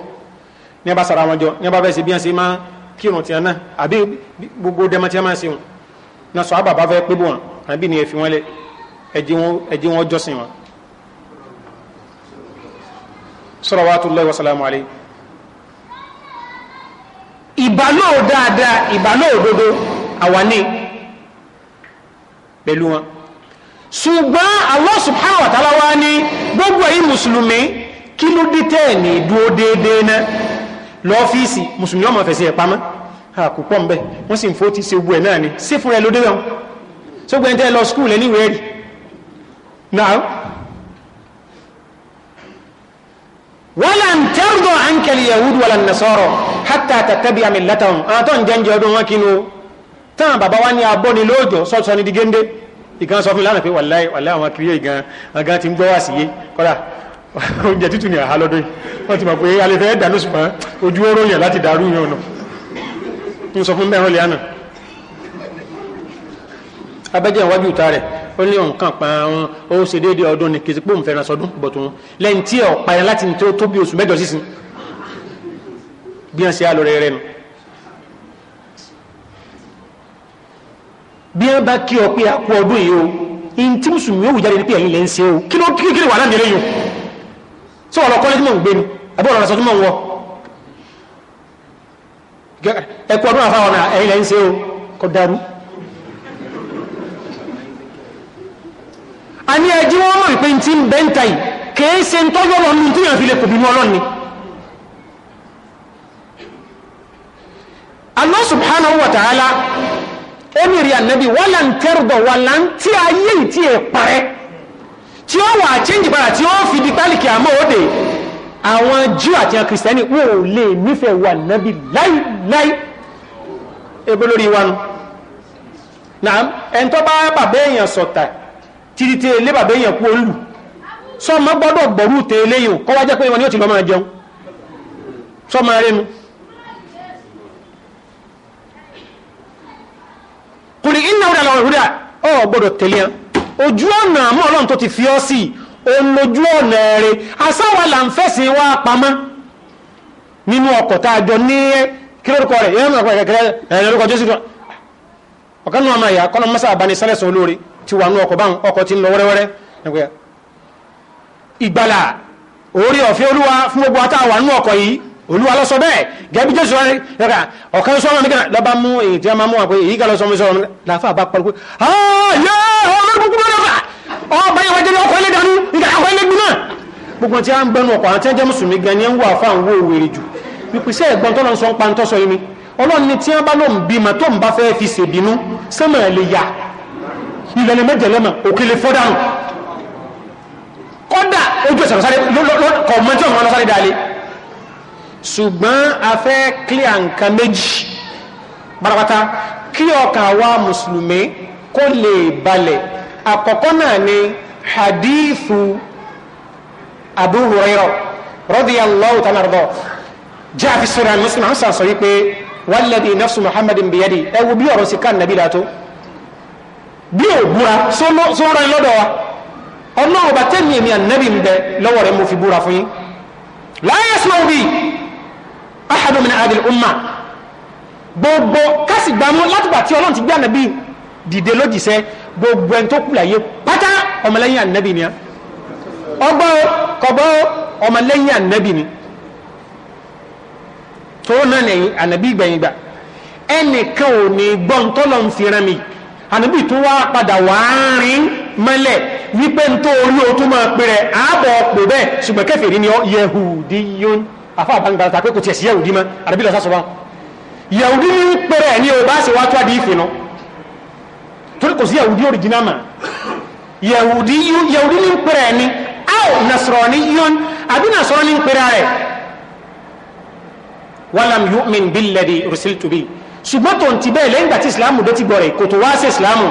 ní a bá sara wọn jọ ní a bá bẹ́ẹ̀ sí bí wọ́n ṣe máa kírun tiẹ̀ náà àbí gbogbo dẹ́mọ tiẹ̀ máa ṣe wọn náà sọ àbàbà fẹ́ pé bù wọn àbí ni ẹ fi wọn lẹ ẹ jí wọn jọ́sìn wọn. salawatullahi wa salamu alayhi ìbálò dáadáa ìbálò òdodo àwa ní pẹ̀lú wọn ṣùgbọ́n Allah subhanahu wa ta'ala wá ní gbogbo ẹ̀yin mùsùlùmí kí ló dé tẹ́ ní dúó déédéé náà lọ́fíìsì mùsùlùmí ọmọ fẹ̀sẹ̀ ẹ̀ pamọ́ àkùpọ̀ ń bẹ̀ wọ́n sì ń fó ti ṣe gbogbo ẹ̀ náà ni sí fún ẹ ló dé wọn sógbó ẹ̀ tẹ́ lọ skúù lẹ́ níwèé náà walan tarda anka al-yahud wala an-nasara hatta tattabi'a àtọ́ ń jẹ́ ń jẹ́ ọdún wọn kí ni o táwọn bàbá wa ní abọ́ ni lóòjọ́ sọ́sọ́ ni digéńdé ìkan sọ fún mi lánàá pé wàláì wàláì àwọn kiri ìgan ọ̀gá ti ń gbọ́ wá sí yé kọ́dà oúnjẹ tútù ní àhá lọ́dún yìí wọ́n ti mọ̀ pé alẹ́ fẹ́ dànù ṣùgbọ́n ojú oró yẹn láti dàrú yẹn ọ̀nà ń sọ fún mẹ́rin lẹ́yìn náà abẹ́jẹ́ ìwájú ìta rẹ̀ ó ní nǹkan pa àwọn ohun ṣe déédéé ọdún ni kì í pò ń fẹ́ràn sọdún bọ̀ tó wọn lẹ́yìn tí ọ̀pá yẹn láti tó bí oṣù mẹ́jọ sísìn bí wọ́n ṣe á lọ rẹ̀ rẹ̀ nù bí wọn bá kí ọ pé a kú ọdún yìí o in tí mùsùlùmí yóò jáde ní pé ẹ̀yin lè ń ṣe o kí ló kékeré wà láàmì lẹ́yìn o tí wọn lọ kọ́lé tí mò ń gbé ni àbí wọn lọ sọ tí mò ń wọ ẹ kú ọdún àfáwọn náà ẹ̀yin lè ń ṣe o kọ dàrú. a ní ẹjí wọn mọ̀ pé ti ń bẹ́ ń ta yìí kìí ṣe ń tọ́jú ọlọ́run tí yàn fi lè kò bínú ọlọ́run ni. Allah subhanahu wa ta'ala ó ní ìrìn ànábì wọ́n là ń tẹ́rùbọ̀ wà là ń tí ayé ìtì ẹ̀ parẹ́ tí ó wà change padà tí ó fi di tálíkì àmọ́ òde àwọn Júù àti àwọn kìrìsìtẹ́nì wọn ò lè nífẹ̀ẹ́ wà ànábì láíláí ebo lórí wa nu na ẹni tó bá bàbá èèyàn sọ̀tà títí tẹ ilé bàbá èèyàn kú olù sọ ma gbọ́dọ̀ gbọ̀rú tẹ eléyìí kọ́ jẹ́ pé wọn ni ó ti lọ́ máa jẹun sọ ma rẹ́nu. kùlì iná òdà lọ́wọ́ ìhúdà ọ̀ gbọ́dọ̀ tẹ̀lé ẹ ojú ọ̀nà àmọ́ ọlọ́run tó ti fi ọ́ sí olójú ọ̀nà ẹ̀rẹ́ asáwa là ń fẹ̀sìn wá pamọ́ nínú ọkọ̀ tá a jọ ní kí lórúkọ rẹ̀ yẹn lórúkọ kẹkẹrẹ ẹ̀rẹ́ lórúkọ jésù tó ọ̀kan náà máa yà kọ́nà mọ́sá àbáni sálẹ̀sán olóore ti wà nú ọkọ̀ báwọn ọkọ̀ ti ń lọ wẹ́rẹ́wẹ́rẹ́ ìgbàlà òórí ọ̀fẹ́ olúwa fún gbogbo àtàwà nú ọkọ̀ yìí olúwa lọ sọ bẹ́ẹ̀ gẹ́bí jésù wọn nígbà ọ̀kan sọ wọn nígbà lọ́ba mú èyí tí wọ́n máa mú wọn pé èyí kan lọ sọ wọn sọ wọn làáfà bá pọ̀ pé ayé ah, ọmọ gbogbo bá lọ́fà ọba yẹn wọ́n jẹ́ ọkọ̀ ilé dànù nígbà ọkọ̀ ilé gbúná. gbogbo tí a ń gbẹnu ọkọ̀ àti ẹjẹ́ mùsùlùmí gan ni ẹ ń wà fún àwọn òwèrè jù wípé sẹ́ẹ̀ gbọ́n tó lọ sọ ń pa ń tọ́sọ yìí ni ọlọ́run ni tí wọ́n bá lóun bímọ tó ń bá fẹ́ fi ṣèbínú sẹ́mọ̀ ṣùgbọ́n a fẹ́ clear nǹkan méjì pátápátá kí ọkàn wa mùsùlùmí kó lè balẹ̀ àkọ́kọ́ náà ni hadithu Abu Hurairah radiyallahu ta'ala rọ̀ jẹ́ àfisọ́ra muslim hamsa sọ wípé walladhi nafsu muhammadin biyadi ẹ wo bí ọ̀rọ̀ sí ká nàbí dàtó bí ò búra sóra lọ́dọ̀ wa ọlọ́run bá tẹ́lẹ̀ mi ànábì ń bẹ lọ́wọ́ rẹ̀ mo fi búra fún yín láyé sọ́ọ́ bíi ahadu min adil umma gbogbo kásì gbàmú látìgbà tí ọlọ́run ti gbé ànábì dìde lójíṣẹ́ gbogbo ẹni tó kù láyé pátá ọmọlẹ́yìn ànábì ni ọgbọ́ kọ̀bọ́ ọmọlẹ́yìn ànábì ni tó ne anabi ànábì gbẹ̀yìn gbà ẹnìkan ò ní gbọ́n tọ́lọ̀ ń fi rán mi ànábì tó wá padà wá rìn mọ́lẹ̀ wípé ń tó orí o tó máa pè rẹ̀ ààbọ̀ pè bẹ́ẹ̀ ṣùgbọ́n kèfèrí ni ọ yẹhùdíyún afa àbánigbà ta pé kò tiẹ̀ sí yahudi mọ́ àdàbí lọ́sà sọ́wọ́n yahudi ní pẹ̀rẹ̀ ní o bá ṣe wá tó àdí ìfẹ́ nu torí kò sí yahudi original mọ́ yahudi yahudi ní pẹ̀rẹ̀ ní aw nasrani yón àbí nasrani pẹ̀rẹ̀ rẹ̀ wàlám yu'min billadi rusiltu bi ṣùgbọ́n tó ń ti bẹ́ẹ̀ lẹ́yìn gbàtí ìsìlámù dé ti gbọ́rẹ̀ kò tó wá sí ìsìlámù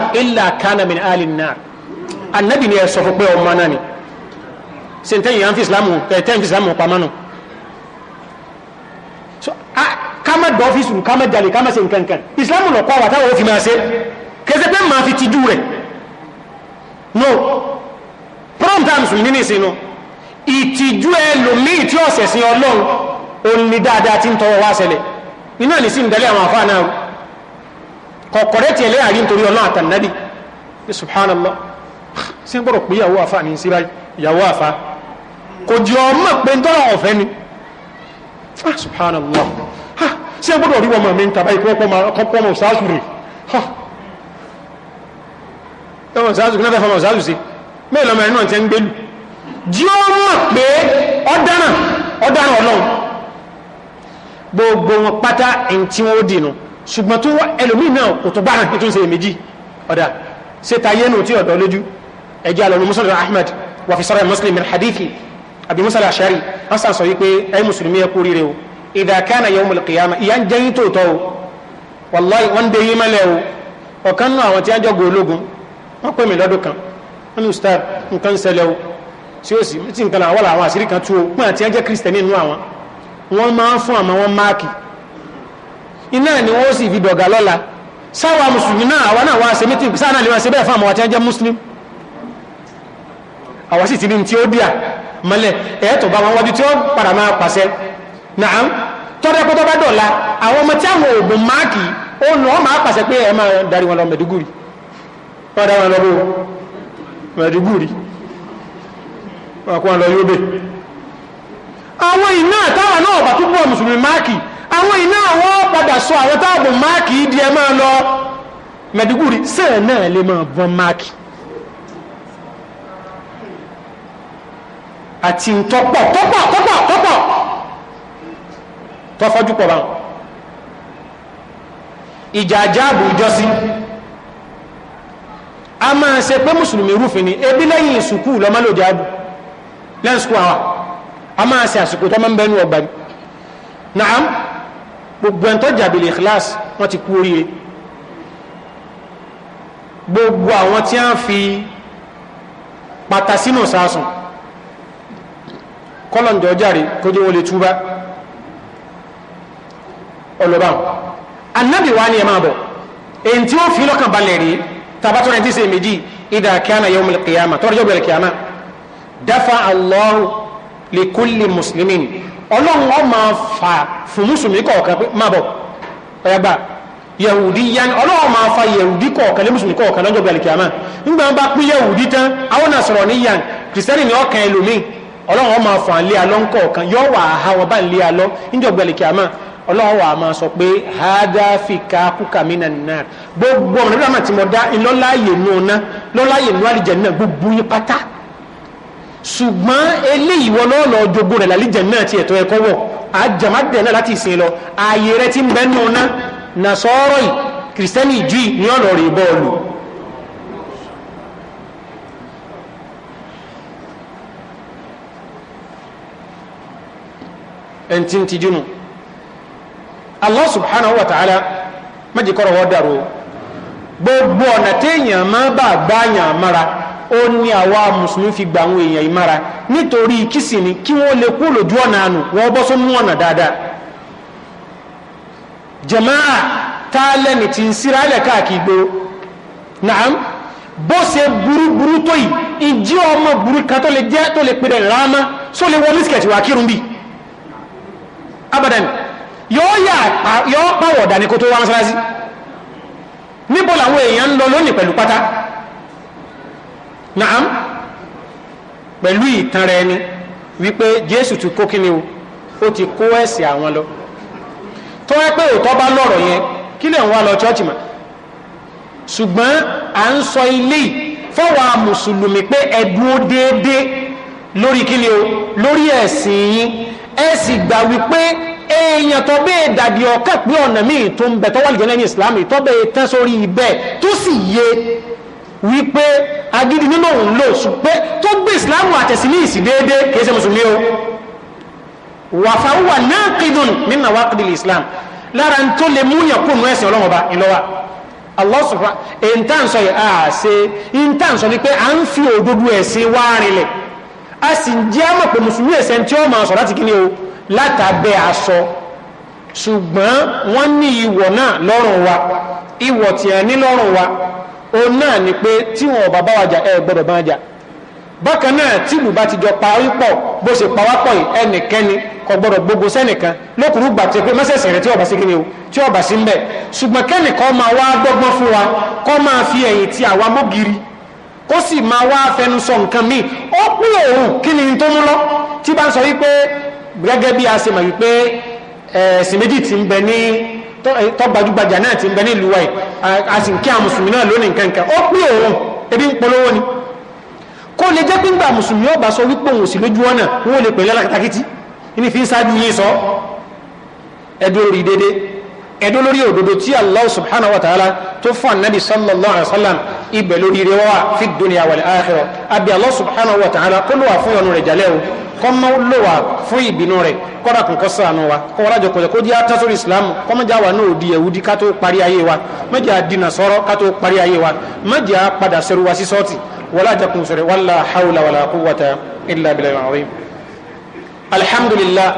Ah, kámẹ́ dọ́fíìsù kámẹ́ jalè kámẹ́ ṣe nǹkan kan ìsìlámù lọ́kọ́ wà táwọn òfin máa ṣe kẹsẹ̀ pé máa fi tijú rẹ̀ no prom tá a mùsùlùmí ní ìsinú ìtìjú ẹlòmíì tí ọ̀sẹ̀ sin ọlọ́run òun ni dáadáa ti ń tọrọ wá ṣẹlẹ̀ iná ní sí ìdálẹ́ àwọn àfáà náà kọ̀kọ̀rẹ́ tiẹ̀ lẹ́yà nítorí ọlọ́run àtànábì ní subhanallah sí ń gbọ́dọ̀ pé ìyàwó àfáà ní sí ìyàwó àfáà kò jẹ́ ọmọ pé ń tọrọ ọ̀fẹ́ ni ah subhanallah ha ṣé gbọ́dọ̀ rí wọn mọ̀ mi ń tàbá ìpínlẹ̀ pọ́nmọ́ ọ̀sáàsù rè ha ẹ̀wọ̀n ọ̀sáàsù kí náà fẹ́ fọmọ ọ̀sáàsù sí mẹ́rin lọ́mọ ẹ̀rin náà ti ń gbélu jí ó mọ̀ pé ọ̀dánà ọ̀dánà ọlọ́run gbogbo wọn pátá ẹ̀yìn tí wọ́n ó dìnnà ṣùgbọ́n tó wọ́n ẹlòmíì náà kò tó bára tó ń ṣe èméjì ọ̀dà ṣe tayé nù tí ọ̀dọ́ lójú ẹ̀jẹ̀ alọ́nu muslim ahmed wàfi sọ́rọ̀ muslim min hadithi àbí musa làṣari wọn sàn sọ wípé ẹ̀yin mùsùlùmí ẹ kú rire o idha kana yawmul qiyamah ìyá ń jẹyìn tòótọ́ o wàláyé wọn dé yín mẹlẹ o ọ̀kan náà àwọn tí wọn jọ gò ológun wọn pè mí lọ́dún kan wọn ní ustad nǹkan ṣẹlẹ̀ o tí ó sì tí nǹkan àwọn àwọn àṣírí kan tú o pé àti ẹjẹ kristẹni inú àwọn wọn máa ń fún àmọ́ wọn máàkì iná ni wọn sì fi dọ̀gà lọ́la sáwà mùsùlùmí náà àwa náà wá ṣe mítìngì sáà náà lè wá ṣe bẹ́ẹ̀ fún àmọ́ àti ẹjẹ mùsùlùmí àwa sì ti ní ti ó díà mọ́lẹ̀ ẹ̀ẹ́tọ̀ bá wọn wájú tí ó padà máa pàṣẹ náà tọ́dẹ́ pẹ́tọ́ bá dọ̀la àwọn ọmọ tí àwọn òògùn máàkì ó nù ọ́ máa pàṣẹ pé ẹ máa darí wọn lọ mẹ̀dúgùrì wọ́n àwọn iná táwọn náà bá túbọ̀ mùsùlùmí máàkì àwọn iná àwọn padà sọ àwọn máàkì ìdí ẹ máa lọ mẹ̀dúgùrì sẹ́ẹ̀ náà lè máa bọ́n máàkì àti ntọ́pọ̀ tọ́pọ̀ tọ́pọ̀ tọ́pọ̀ tọ́fọ́jú pọ̀ báwọn ìjà àjáàbò ìjọsìn a máa ṣe pé mùsùlùmí rúfin ni ebi lẹ́yìn sùkúù lọ́mọ lòdì àbù lẹ́yìn sùkúù àwà a máa ṣe àsìkò tó máa ń bẹnu ọgbà ni naam gbogbo ẹ̀ńtọ́ jàbìlì ikhlas wọ́n ti kú oríire gbogbo àwọn tí a ń fi pàtàsínú sásùn kọ́lọ̀njọ́ járe kó jẹ́ wọ́n lè túbá ọlọ́bá annabi wa ni ẹ máa bọ̀ èyí tí ó fi lọ́kàn balẹ̀ rí tabatọ́ rẹ̀ tí ṣe méjì idha kana yawmul qiyamah tọ́rọjọ́ bẹ̀rẹ̀ kìyàmà dafa Allahu li kulli muslimin ọlọ́run ọ máa fà fún mùsùlùmí kọ̀ọ̀kan pé máa bọ̀ ẹgbà yahudi yan ọlọ́run máa fa yahudi kọ̀ọ̀kan lé mùsùlùmí kọ̀ọ̀kan lọ́jọ́ ọlọ́run ọmọ afọ àlẹ́ alọ́ ńkọ̀ kan yọ wà á ha wọn bá ń lé alọ́ níjọ̀gbẹ́lẹ̀ kìámà ọlọ́run wà á máa sọ pé hádàfíkà kúkàmínà náà gbogbo ọmọ nígbà tí mo dá ìlọ́láyè nù ọ̀nà lọ́láyè nù àlìjẹ̀nnà gbogbo yín pátá ṣùgbọ́n eléyìí wọn lọ́ọ̀lọ́ jogbo rẹ̀ lálìjẹ̀nnà ti ẹ̀tọ́ ẹ̀kọ́ wọ̀ àjàmádẹ̀ náà láti ẹ̀ntì ti Allah subhanahu wa ta'ala méjì kọ́rọ̀ wọ́n dàrú gbogbo ọ̀nà téèyàn máa bá gbáyàn mára ó ní àwa mùsùlùmí fi gba àwọn èèyàn ìmára nítorí kìsì ni kí wọ́n lè kú lójú ọ̀nà àánú wọ́n bọ́ sónú ọ̀nà jama'a tá a lẹ́ni tí ń síra ilẹ̀ káàkiri gbòó naam bó ṣe burúburú tó yìí ìjí ọmọ burú kan tó lè jẹ́ tó lè pèrè rámá só lè wọ́n abadan yóò yà yóò pàwọ̀ dání kó tó wá mọ́sálásí níbo làwọn èèyàn ń lọ lónìí pẹ̀lú pátá naam pẹ̀lú ìtàn rẹ ni wípé jésù o ó ti kó ẹ̀sìn àwọn lọ tó wá pé òótọ́ bá lọ̀rọ̀ yẹn kí lè ń wá lọ chọ́ọ̀chì mọ́ ṣùgbọ́n à ń sọ ilé fọwọ́ mùsùlùmí pé ẹ̀dùn ó déédéé lórí kíni o lórí ẹ̀sìn yín ẹ sì gbà wípé èèyàn tó bẹ́ẹ̀ dàbí ọ̀kẹ́ pé ọ̀nà míì tó ń bẹ̀ tó wà lìjẹ́ ní islam tó bẹ́ẹ̀ tán sórí ibẹ̀ tó sì yé wípé agídí nínú òun lò ṣùgbẹ́ tó gbé islam àtẹ̀sí ní ìsì déédé kìí ṣe mùsùlùmí o wàfà wà náà kìdùn nínú àwọn akídìlì islam lára ń tó lè múyàn kó nù ẹ̀sìn ọlọ́mọba ìlọ́wà Allah subhanahu èyí ń tàn sọ yìí àṣe ń tàn sọ ni a sì ń jẹ́ àmọ̀ pé mùsùlùmí ẹ̀sẹ̀ tí ó máa sọ láti kíní o látàbẹ́ aṣọ ṣùgbọ́n wọ́n ní ìwọ̀ náà lọ́rùn wa ìwọ̀ tí a ní lọ́rùn wa o náà ni pé tí wọn ọba bá wàjà ẹ gbọ́dọ̀ bá jà bákan náà tí ìlú bá ti jọ parí pọ̀ bó ṣe pawápọ̀ yìí ẹnìkẹ́ni kò gbọ́dọ̀ gbogbo sẹ́nìkan lókùrú gbà tí pé mẹ́sẹ̀sẹ̀ rẹ̀ tí ọba sí kíni o tí ọba sí ń bẹ̀ ṣùgbọ́n kẹ́nìkan máa wá dọ́gbọ́n fún wa kọ́ máa fi ẹ̀yìn ti àwa mọ́gìrì kó sì máa wá fẹnu sọ nǹkan míì ó pín òun kí ni tó mú lọ tí bá ń sọ wípé gẹ́gẹ́ bí a ṣe mọ̀ wípé ẹ̀sìn méjì ti ń bẹ ní tó gbajúgbajà náà ti ń bẹ ní ìlú wa yìí a sì ń kí àwọn mùsùlùmí náà lónìí nǹkan ó pín òun ebi ń polówó ni kó lè jẹ́ pé ń gbà mùsùlùmí ọba sọ wípé òun sì lójú ọ̀nà wọn ò lè pè lọ́la kìtàkìtì ní fi ń ṣáájú yín sọ ẹdùn orí déédéé ẹ̀dọ́ lórí òdodo tí Allah subhanahu wa ta'ala tó fún anabi sallallahu alayhi wa sallam ibẹ̀ lórí rẹ̀ wá fi dunya wal akhirah abi Allah subhanahu wa ta'ala kó ló wà fún ọ̀nù rẹ̀ jalẹ́ o kọ́mọ ló wà fún ìbínú rẹ̀ kọ́ra kò kọ́ sànù wa kọ́ wọ́n lájọkọ̀ kó di ata sórí islam kọ́mọjà wa náà di yahudi ká tó parí ayé wa mẹ́jà dina sọ́rọ́ ká tó parí ayé wa mẹ́jà padà sẹ́rù wa sí sọ́ọ̀tì wala jakun alhamdulillah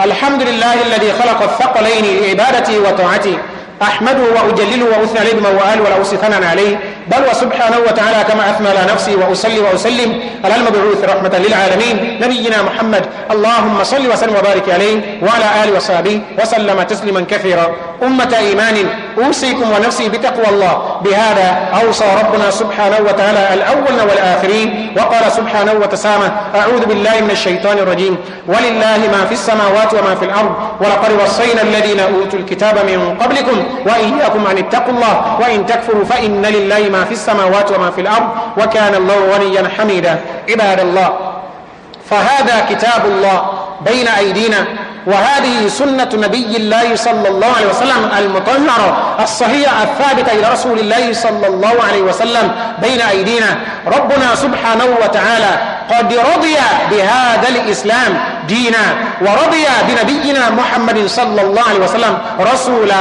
الحمد لله الذي خلق الثقلين لعبادتي وطاعتي أحمده وأجلله وأثنى عليه بما وآل ولا أوصي عليه بل وسبحانه وتعالى كما أثنى على نفسي وأصلي وأسلم على المبعوث رحمة للعالمين نبينا محمد اللهم صل وسلم وبارك عليه وعلى آله وصحبه وسلم تسليما كثيرا أمة إيمان أوصيكم ونفسي بتقوى الله بهذا أوصى ربنا سبحانه وتعالى الأولين والآخرين وقال سبحانه وتسامى أعوذ بالله من الشيطان الرجيم ولله ما في السماوات وما في الأرض ولقد وصينا الذين أوتوا الكتاب من قبلكم وإياكم أن اتقوا الله وإن تكفروا فإن لله ما في السماوات وما في الأرض وكان الله غنيا حميدا عباد الله فهذا كتاب الله بين أيدينا وهذه سنة نبي الله صلى الله عليه وسلم المطهرة الصحيحة الثابتة إلى رسول الله صلى الله عليه وسلم بين أيدينا ربنا سبحانه وتعالى قد رضي بهذا الإسلام دينا ورضي بنبينا محمد صلى الله عليه وسلم رسولا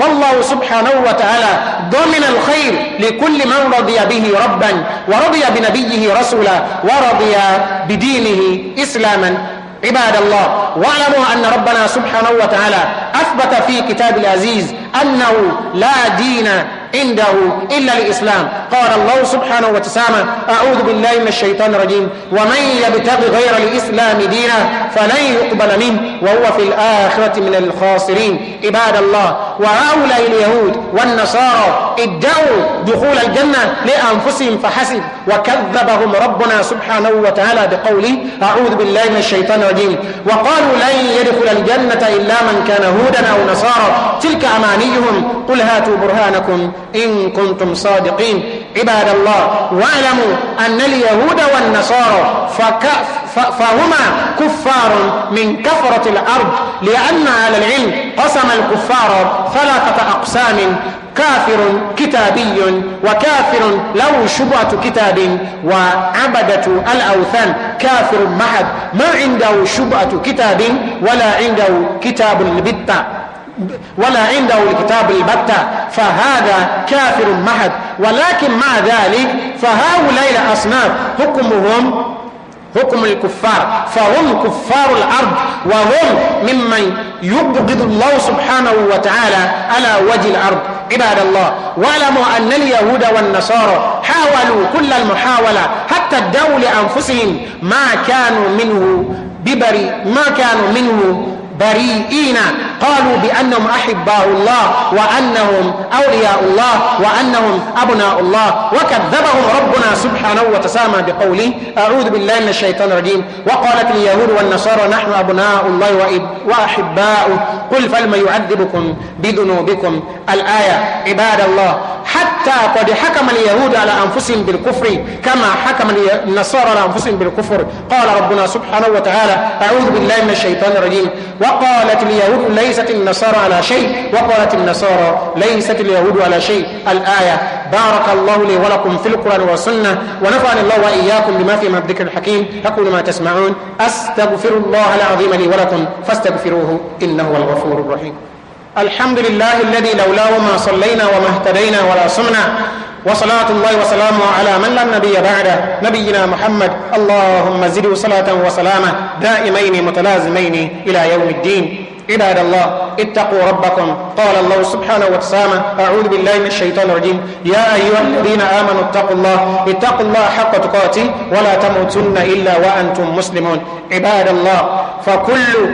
والله سبحانه وتعالى ضمن الخير لكل من رضي به ربا ورضي بنبيه رسولا ورضي بدينه إسلاما عباد الله واعلموا أن ربنا سبحانه وتعالى أثبت في كتاب العزيز أنه لا دين عنده إلا الإسلام قال الله سبحانه وتعالى أعوذ بالله من الشيطان الرجيم ومن يبتغي غير الإسلام دينا فلن يقبل منه وهو في الآخرة من الخاسرين عباد الله وهؤلاء اليهود والنصارى ادعوا دخول الجنة لأنفسهم فحسب وكذبهم ربنا سبحانه وتعالى بقوله أعوذ بالله من الشيطان الرجيم وقالوا لن يدخل الجنة إلا من كان هودا أو نصارى تلك أمانيهم قل هاتوا برهانكم إن كنتم صادقين عباد الله واعلموا أن اليهود والنصارى فهما كفار من كفرة الأرض لأن على العلم قسم الكفار ثلاثة أقسام كافر كتابي وكافر له شبهة كتاب وعبدة الأوثان كافر محد ما عنده شبهة كتاب ولا عنده كتاب البتة ولا عنده الكتاب البتة فهذا كافر محد ولكن مع ذلك فهؤلاء الأصناف حكمهم حكم الكفار فهم كفار الأرض وهم ممن يبغض الله سبحانه وتعالى على وجه الأرض عباد الله واعلموا أن اليهود والنصارى حاولوا كل المحاولة حتى ادعوا لأنفسهم ما كانوا منه ببري ما كانوا منه بريئين قالوا بأنهم أحباء الله وأنهم أولياء الله وأنهم أبناء الله وكذبهم ربنا سبحانه وتسامى بقوله أعوذ بالله من الشيطان الرجيم وقالت اليهود والنصارى نحن أبناء الله وأحباؤه قل فلم يعذبكم بذنوبكم الآية عباد الله حتى قد حكم اليهود على أنفسهم بالكفر كما حكم النصارى على أنفسهم بالكفر قال ربنا سبحانه وتعالى أعوذ بالله من الشيطان الرجيم وقالت اليهود ليست النصارى على شيء وقالت النصارى ليست اليهود على شيء الآية بارك الله لي ولكم في القرآن والسنة ونفعني الله وإياكم بما في الذكر الحكيم أقول ما تسمعون أستغفر الله العظيم لي ولكم فاستغفروه إنه هو الغفور الرحيم الحمد لله الذي لولاه ما صلينا وما اهتدينا ولا سمنا وصلاة الله وسلامه على من لا نبي بعده نبينا محمد اللهم زده صلاة وسلاما دائمين متلازمين إلى يوم الدين عباد الله اتقوا ربكم قال الله سبحانه وتعالى أعوذ بالله من الشيطان الرجيم يا أيها الذين آمنوا اتقوا الله اتقوا الله حق تقاته ولا تموتن إلا وأنتم مسلمون عباد الله فكل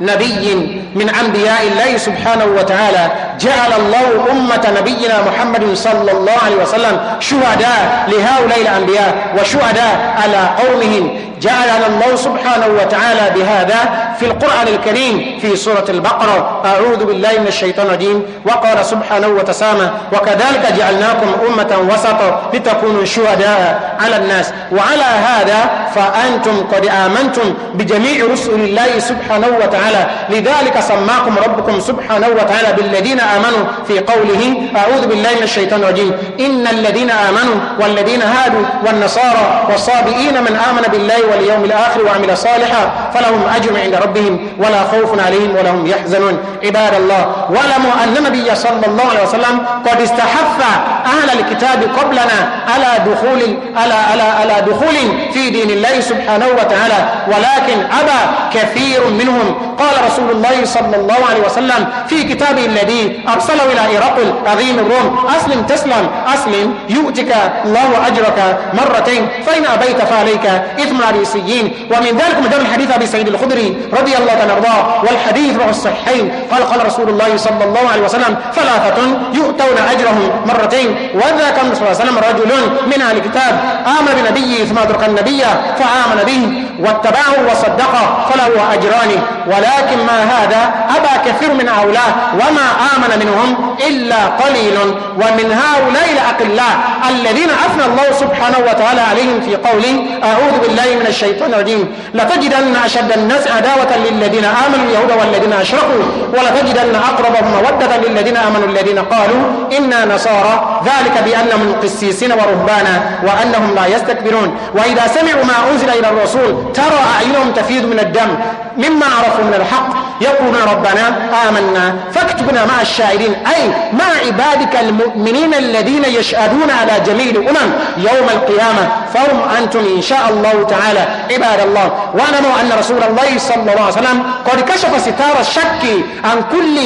نبي من أنبياء الله سبحانه وتعالى جعل الله أمة نبينا محمد صلى الله عليه وسلم شهداء لهؤلاء الأنبياء وشهداء على قومهم جعلنا الله سبحانه وتعالى بهذا في القرآن الكريم في سورة البقرة أعوذ بالله من الشيطان الرجيم وقال سبحانه وتسامى وكذلك جعلناكم أمة وسطا لتكونوا شهداء على الناس وعلى هذا فأنتم قد آمنتم بجميع رسل الله سبحانه وتعالى لذلك سماكم ربكم سبحانه وتعالى بالذين آمنوا في قوله أعوذ بالله من الشيطان الرجيم إن الذين آمنوا والذين هادوا والنصارى والصابئين من آمن بالله واليوم الآخر وعمل صالحا فلهم أجر عند ربهم ولا خوف عليهم ولا هم يحزنون عباد الله ولم أن النبي صلى الله عليه وسلم قد استحف أهل الكتاب قبلنا على دخول على على على دخول في دين الله سبحانه وتعالى ولكن أبى كثير منهم قال رسول الله صلى الله عليه وسلم في كتابه الذي أرسله إلى إرقل عظيم الروم أسلم تسلم أسلم يؤتك الله أجرك مرتين فإن أبيت فعليك إثم الحديثيين ومن ذلك مدار الحديث أبي سعيد الخدري رضي الله تعالى عنه والحديث مع الصحيحين قال قال رسول الله صلى الله عليه وسلم ثلاثة يؤتون أجرهم مرتين وذاك النبي صلى الله عليه وسلم رجل من أهل الكتاب آمن بنبيه ثم أدرك النبي فآمن به واتبعه وصدقه فله أجران ولكن ما هذا أبى كثير من هؤلاء وما آمن منهم إلا قليل ومن هؤلاء الأقلاء الذين أثنى الله سبحانه وتعالى عليهم في قوله أعوذ بالله من الشيطان الرجيم لتجدن أشد الناس عداوة للذين آمنوا اليهود والذين أشركوا ولتجدن أقربهم مودة للذين آمنوا الذين قالوا إنا نصارى ذلك بأنهم قسيسين ورهبانا وأنهم لا يستكبرون وإذا سمعوا ما أنزل إلى الرسول ترى أعينهم تفيض من الدم مما عرفوا من الحق يقولون ربنا آمنا فاكتبنا مع الشاهدين أي مع عبادك المؤمنين الذين يشهدون على جميع الأمم يوم القيامة فهم أنتم إن شاء الله تعالى عباد الله واعلموا أن رسول الله صلى الله عليه وسلم قد كشف ستار الشك عن كل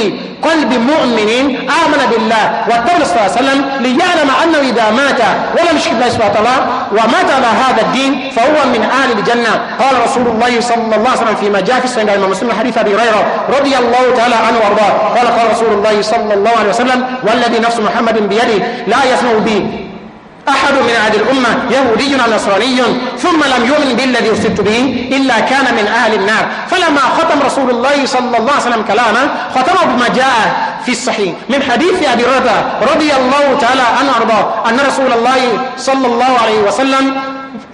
قلب مؤمن آمن بالله والرسول صلى الله عليه وسلم ليعلم أنه إذا مات ولم يشرك بالله سبحانه وتعالى ومات على هذا الدين فهو من أهل الجنة قال رسول الله صلى الله عليه وسلم فيما جاء في الصحيح الإمام مسلم حديث أبي هريرة رضي الله تعالى عنه وأرضاه قال قال رسول الله صلى الله عليه وسلم والذي نفس محمد بيده لا يسمع بي أحد من أهل الأمة يهودي أو نصراني ثم لم يؤمن بالذي أرسلت به إلا كان من أهل النار فلما ختم رسول الله صلى الله عليه وسلم كلامه ختمه بما جاء في الصحيح من حديث أبي هريرة رضي الله تعالى عنه أرضاه أن رسول الله صلى الله عليه وسلم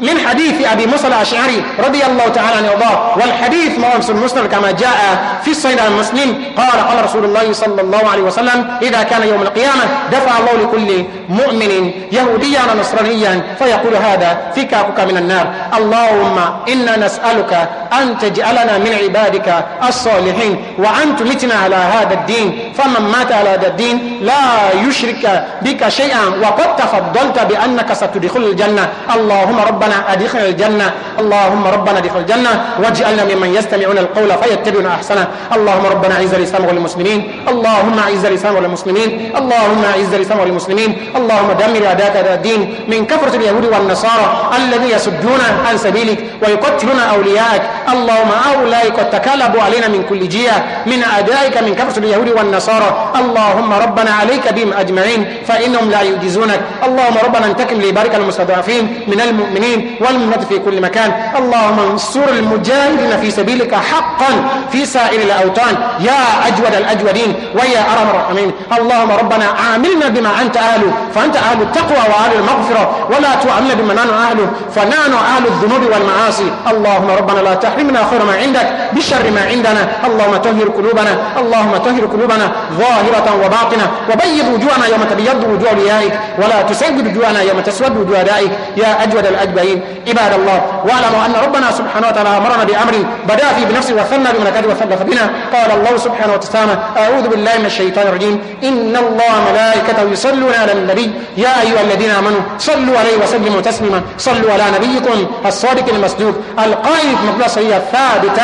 من حديث أبي موسى الأشعري رضي الله تعالى عنه وارضاه والحديث مؤمن في المسند كما جاء في الصحيح المسلم قال قال رسول الله صلى الله عليه وسلم إذا كان يوم القيامة دفع الله لكل مؤمن يهوديا ونصرانيا فيقول هذا فكاكك من النار اللهم إنا نسألك أن تجعلنا من عبادك الصالحين وأن تمتنا على هذا الدين فمن مات على هذا الدين لا يشرك بك شيئا وقد تفضلت بأنك ستدخل الجنة اللهم رب ربنا أدخل الجنة اللهم ربنا أدخل الجنة واجعلنا ممن يستمعون القول فيتبعون أحسنه اللهم ربنا أعز الإسلام والمسلمين اللهم أعز الإسلام والمسلمين اللهم أعز الإسلام والمسلمين اللهم دمر أعداءك أعداء الدين من كفرة اليهود والنصارى الذين يصدون عن سبيلك ويقتلون أوليائك اللهم أولئك قد تكالبوا علينا من كل جهة من أعدائك من كفرة اليهود والنصارى اللهم ربنا عليك بهم أجمعين فإنهم لا يجيزونك اللهم ربنا انتكم لبارك المستضعفين من المؤمنين المؤمنين والمؤمنات في كل مكان اللهم انصر المجاهدين في سبيلك حقا في سائر الأوطان يا أجود الأجودين ويا أرم الراحمين اللهم ربنا عاملنا بما أنت أهل فأنت أهل التقوى وأهل المغفرة ولا تعاملنا بما نحن أهل فنحن أهل الذنوب والمعاصي اللهم ربنا لا تحرمنا خير ما عندك بشر ما عندنا اللهم طهر قلوبنا اللهم طهر قلوبنا ظاهرة وباطنة وبيض وجوهنا يوم تبيض وجوه ليائك ولا تسود وجوهنا يوم تسود وجوه دائك يا أجود الأجود أجمعين عباد الله واعلموا أن ربنا سبحانه وتعالى أمرنا بأمر بدأ في بنفسه وثنى بملكاته وثلث بنا قال الله سبحانه وتعالى أعوذ بالله من الشيطان الرجيم إن الله ملائكته يصلون على النبي يا أيها الذين آمنوا صلوا عليه وسلموا تسليما صلوا على نبيكم الصادق المصدوق القائد مقدسه الثابتة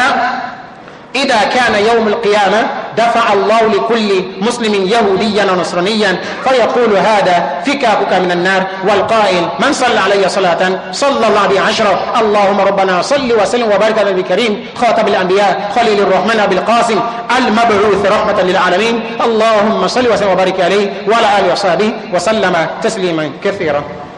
إذا كان يوم القيامة دفع الله لكل مسلم يهوديا ونصرانيا فيقول هذا فكاكك من النار والقائل من صلى علي صلاة صلى الله عليه عشرة اللهم ربنا صل وسلم وبارك على الكريم خاتم الأنبياء خليل الرحمن أبي القاسم المبعوث رحمة للعالمين اللهم صل وسلم وبارك عليه وعلى آله وصحبه وسلم تسليما كثيرا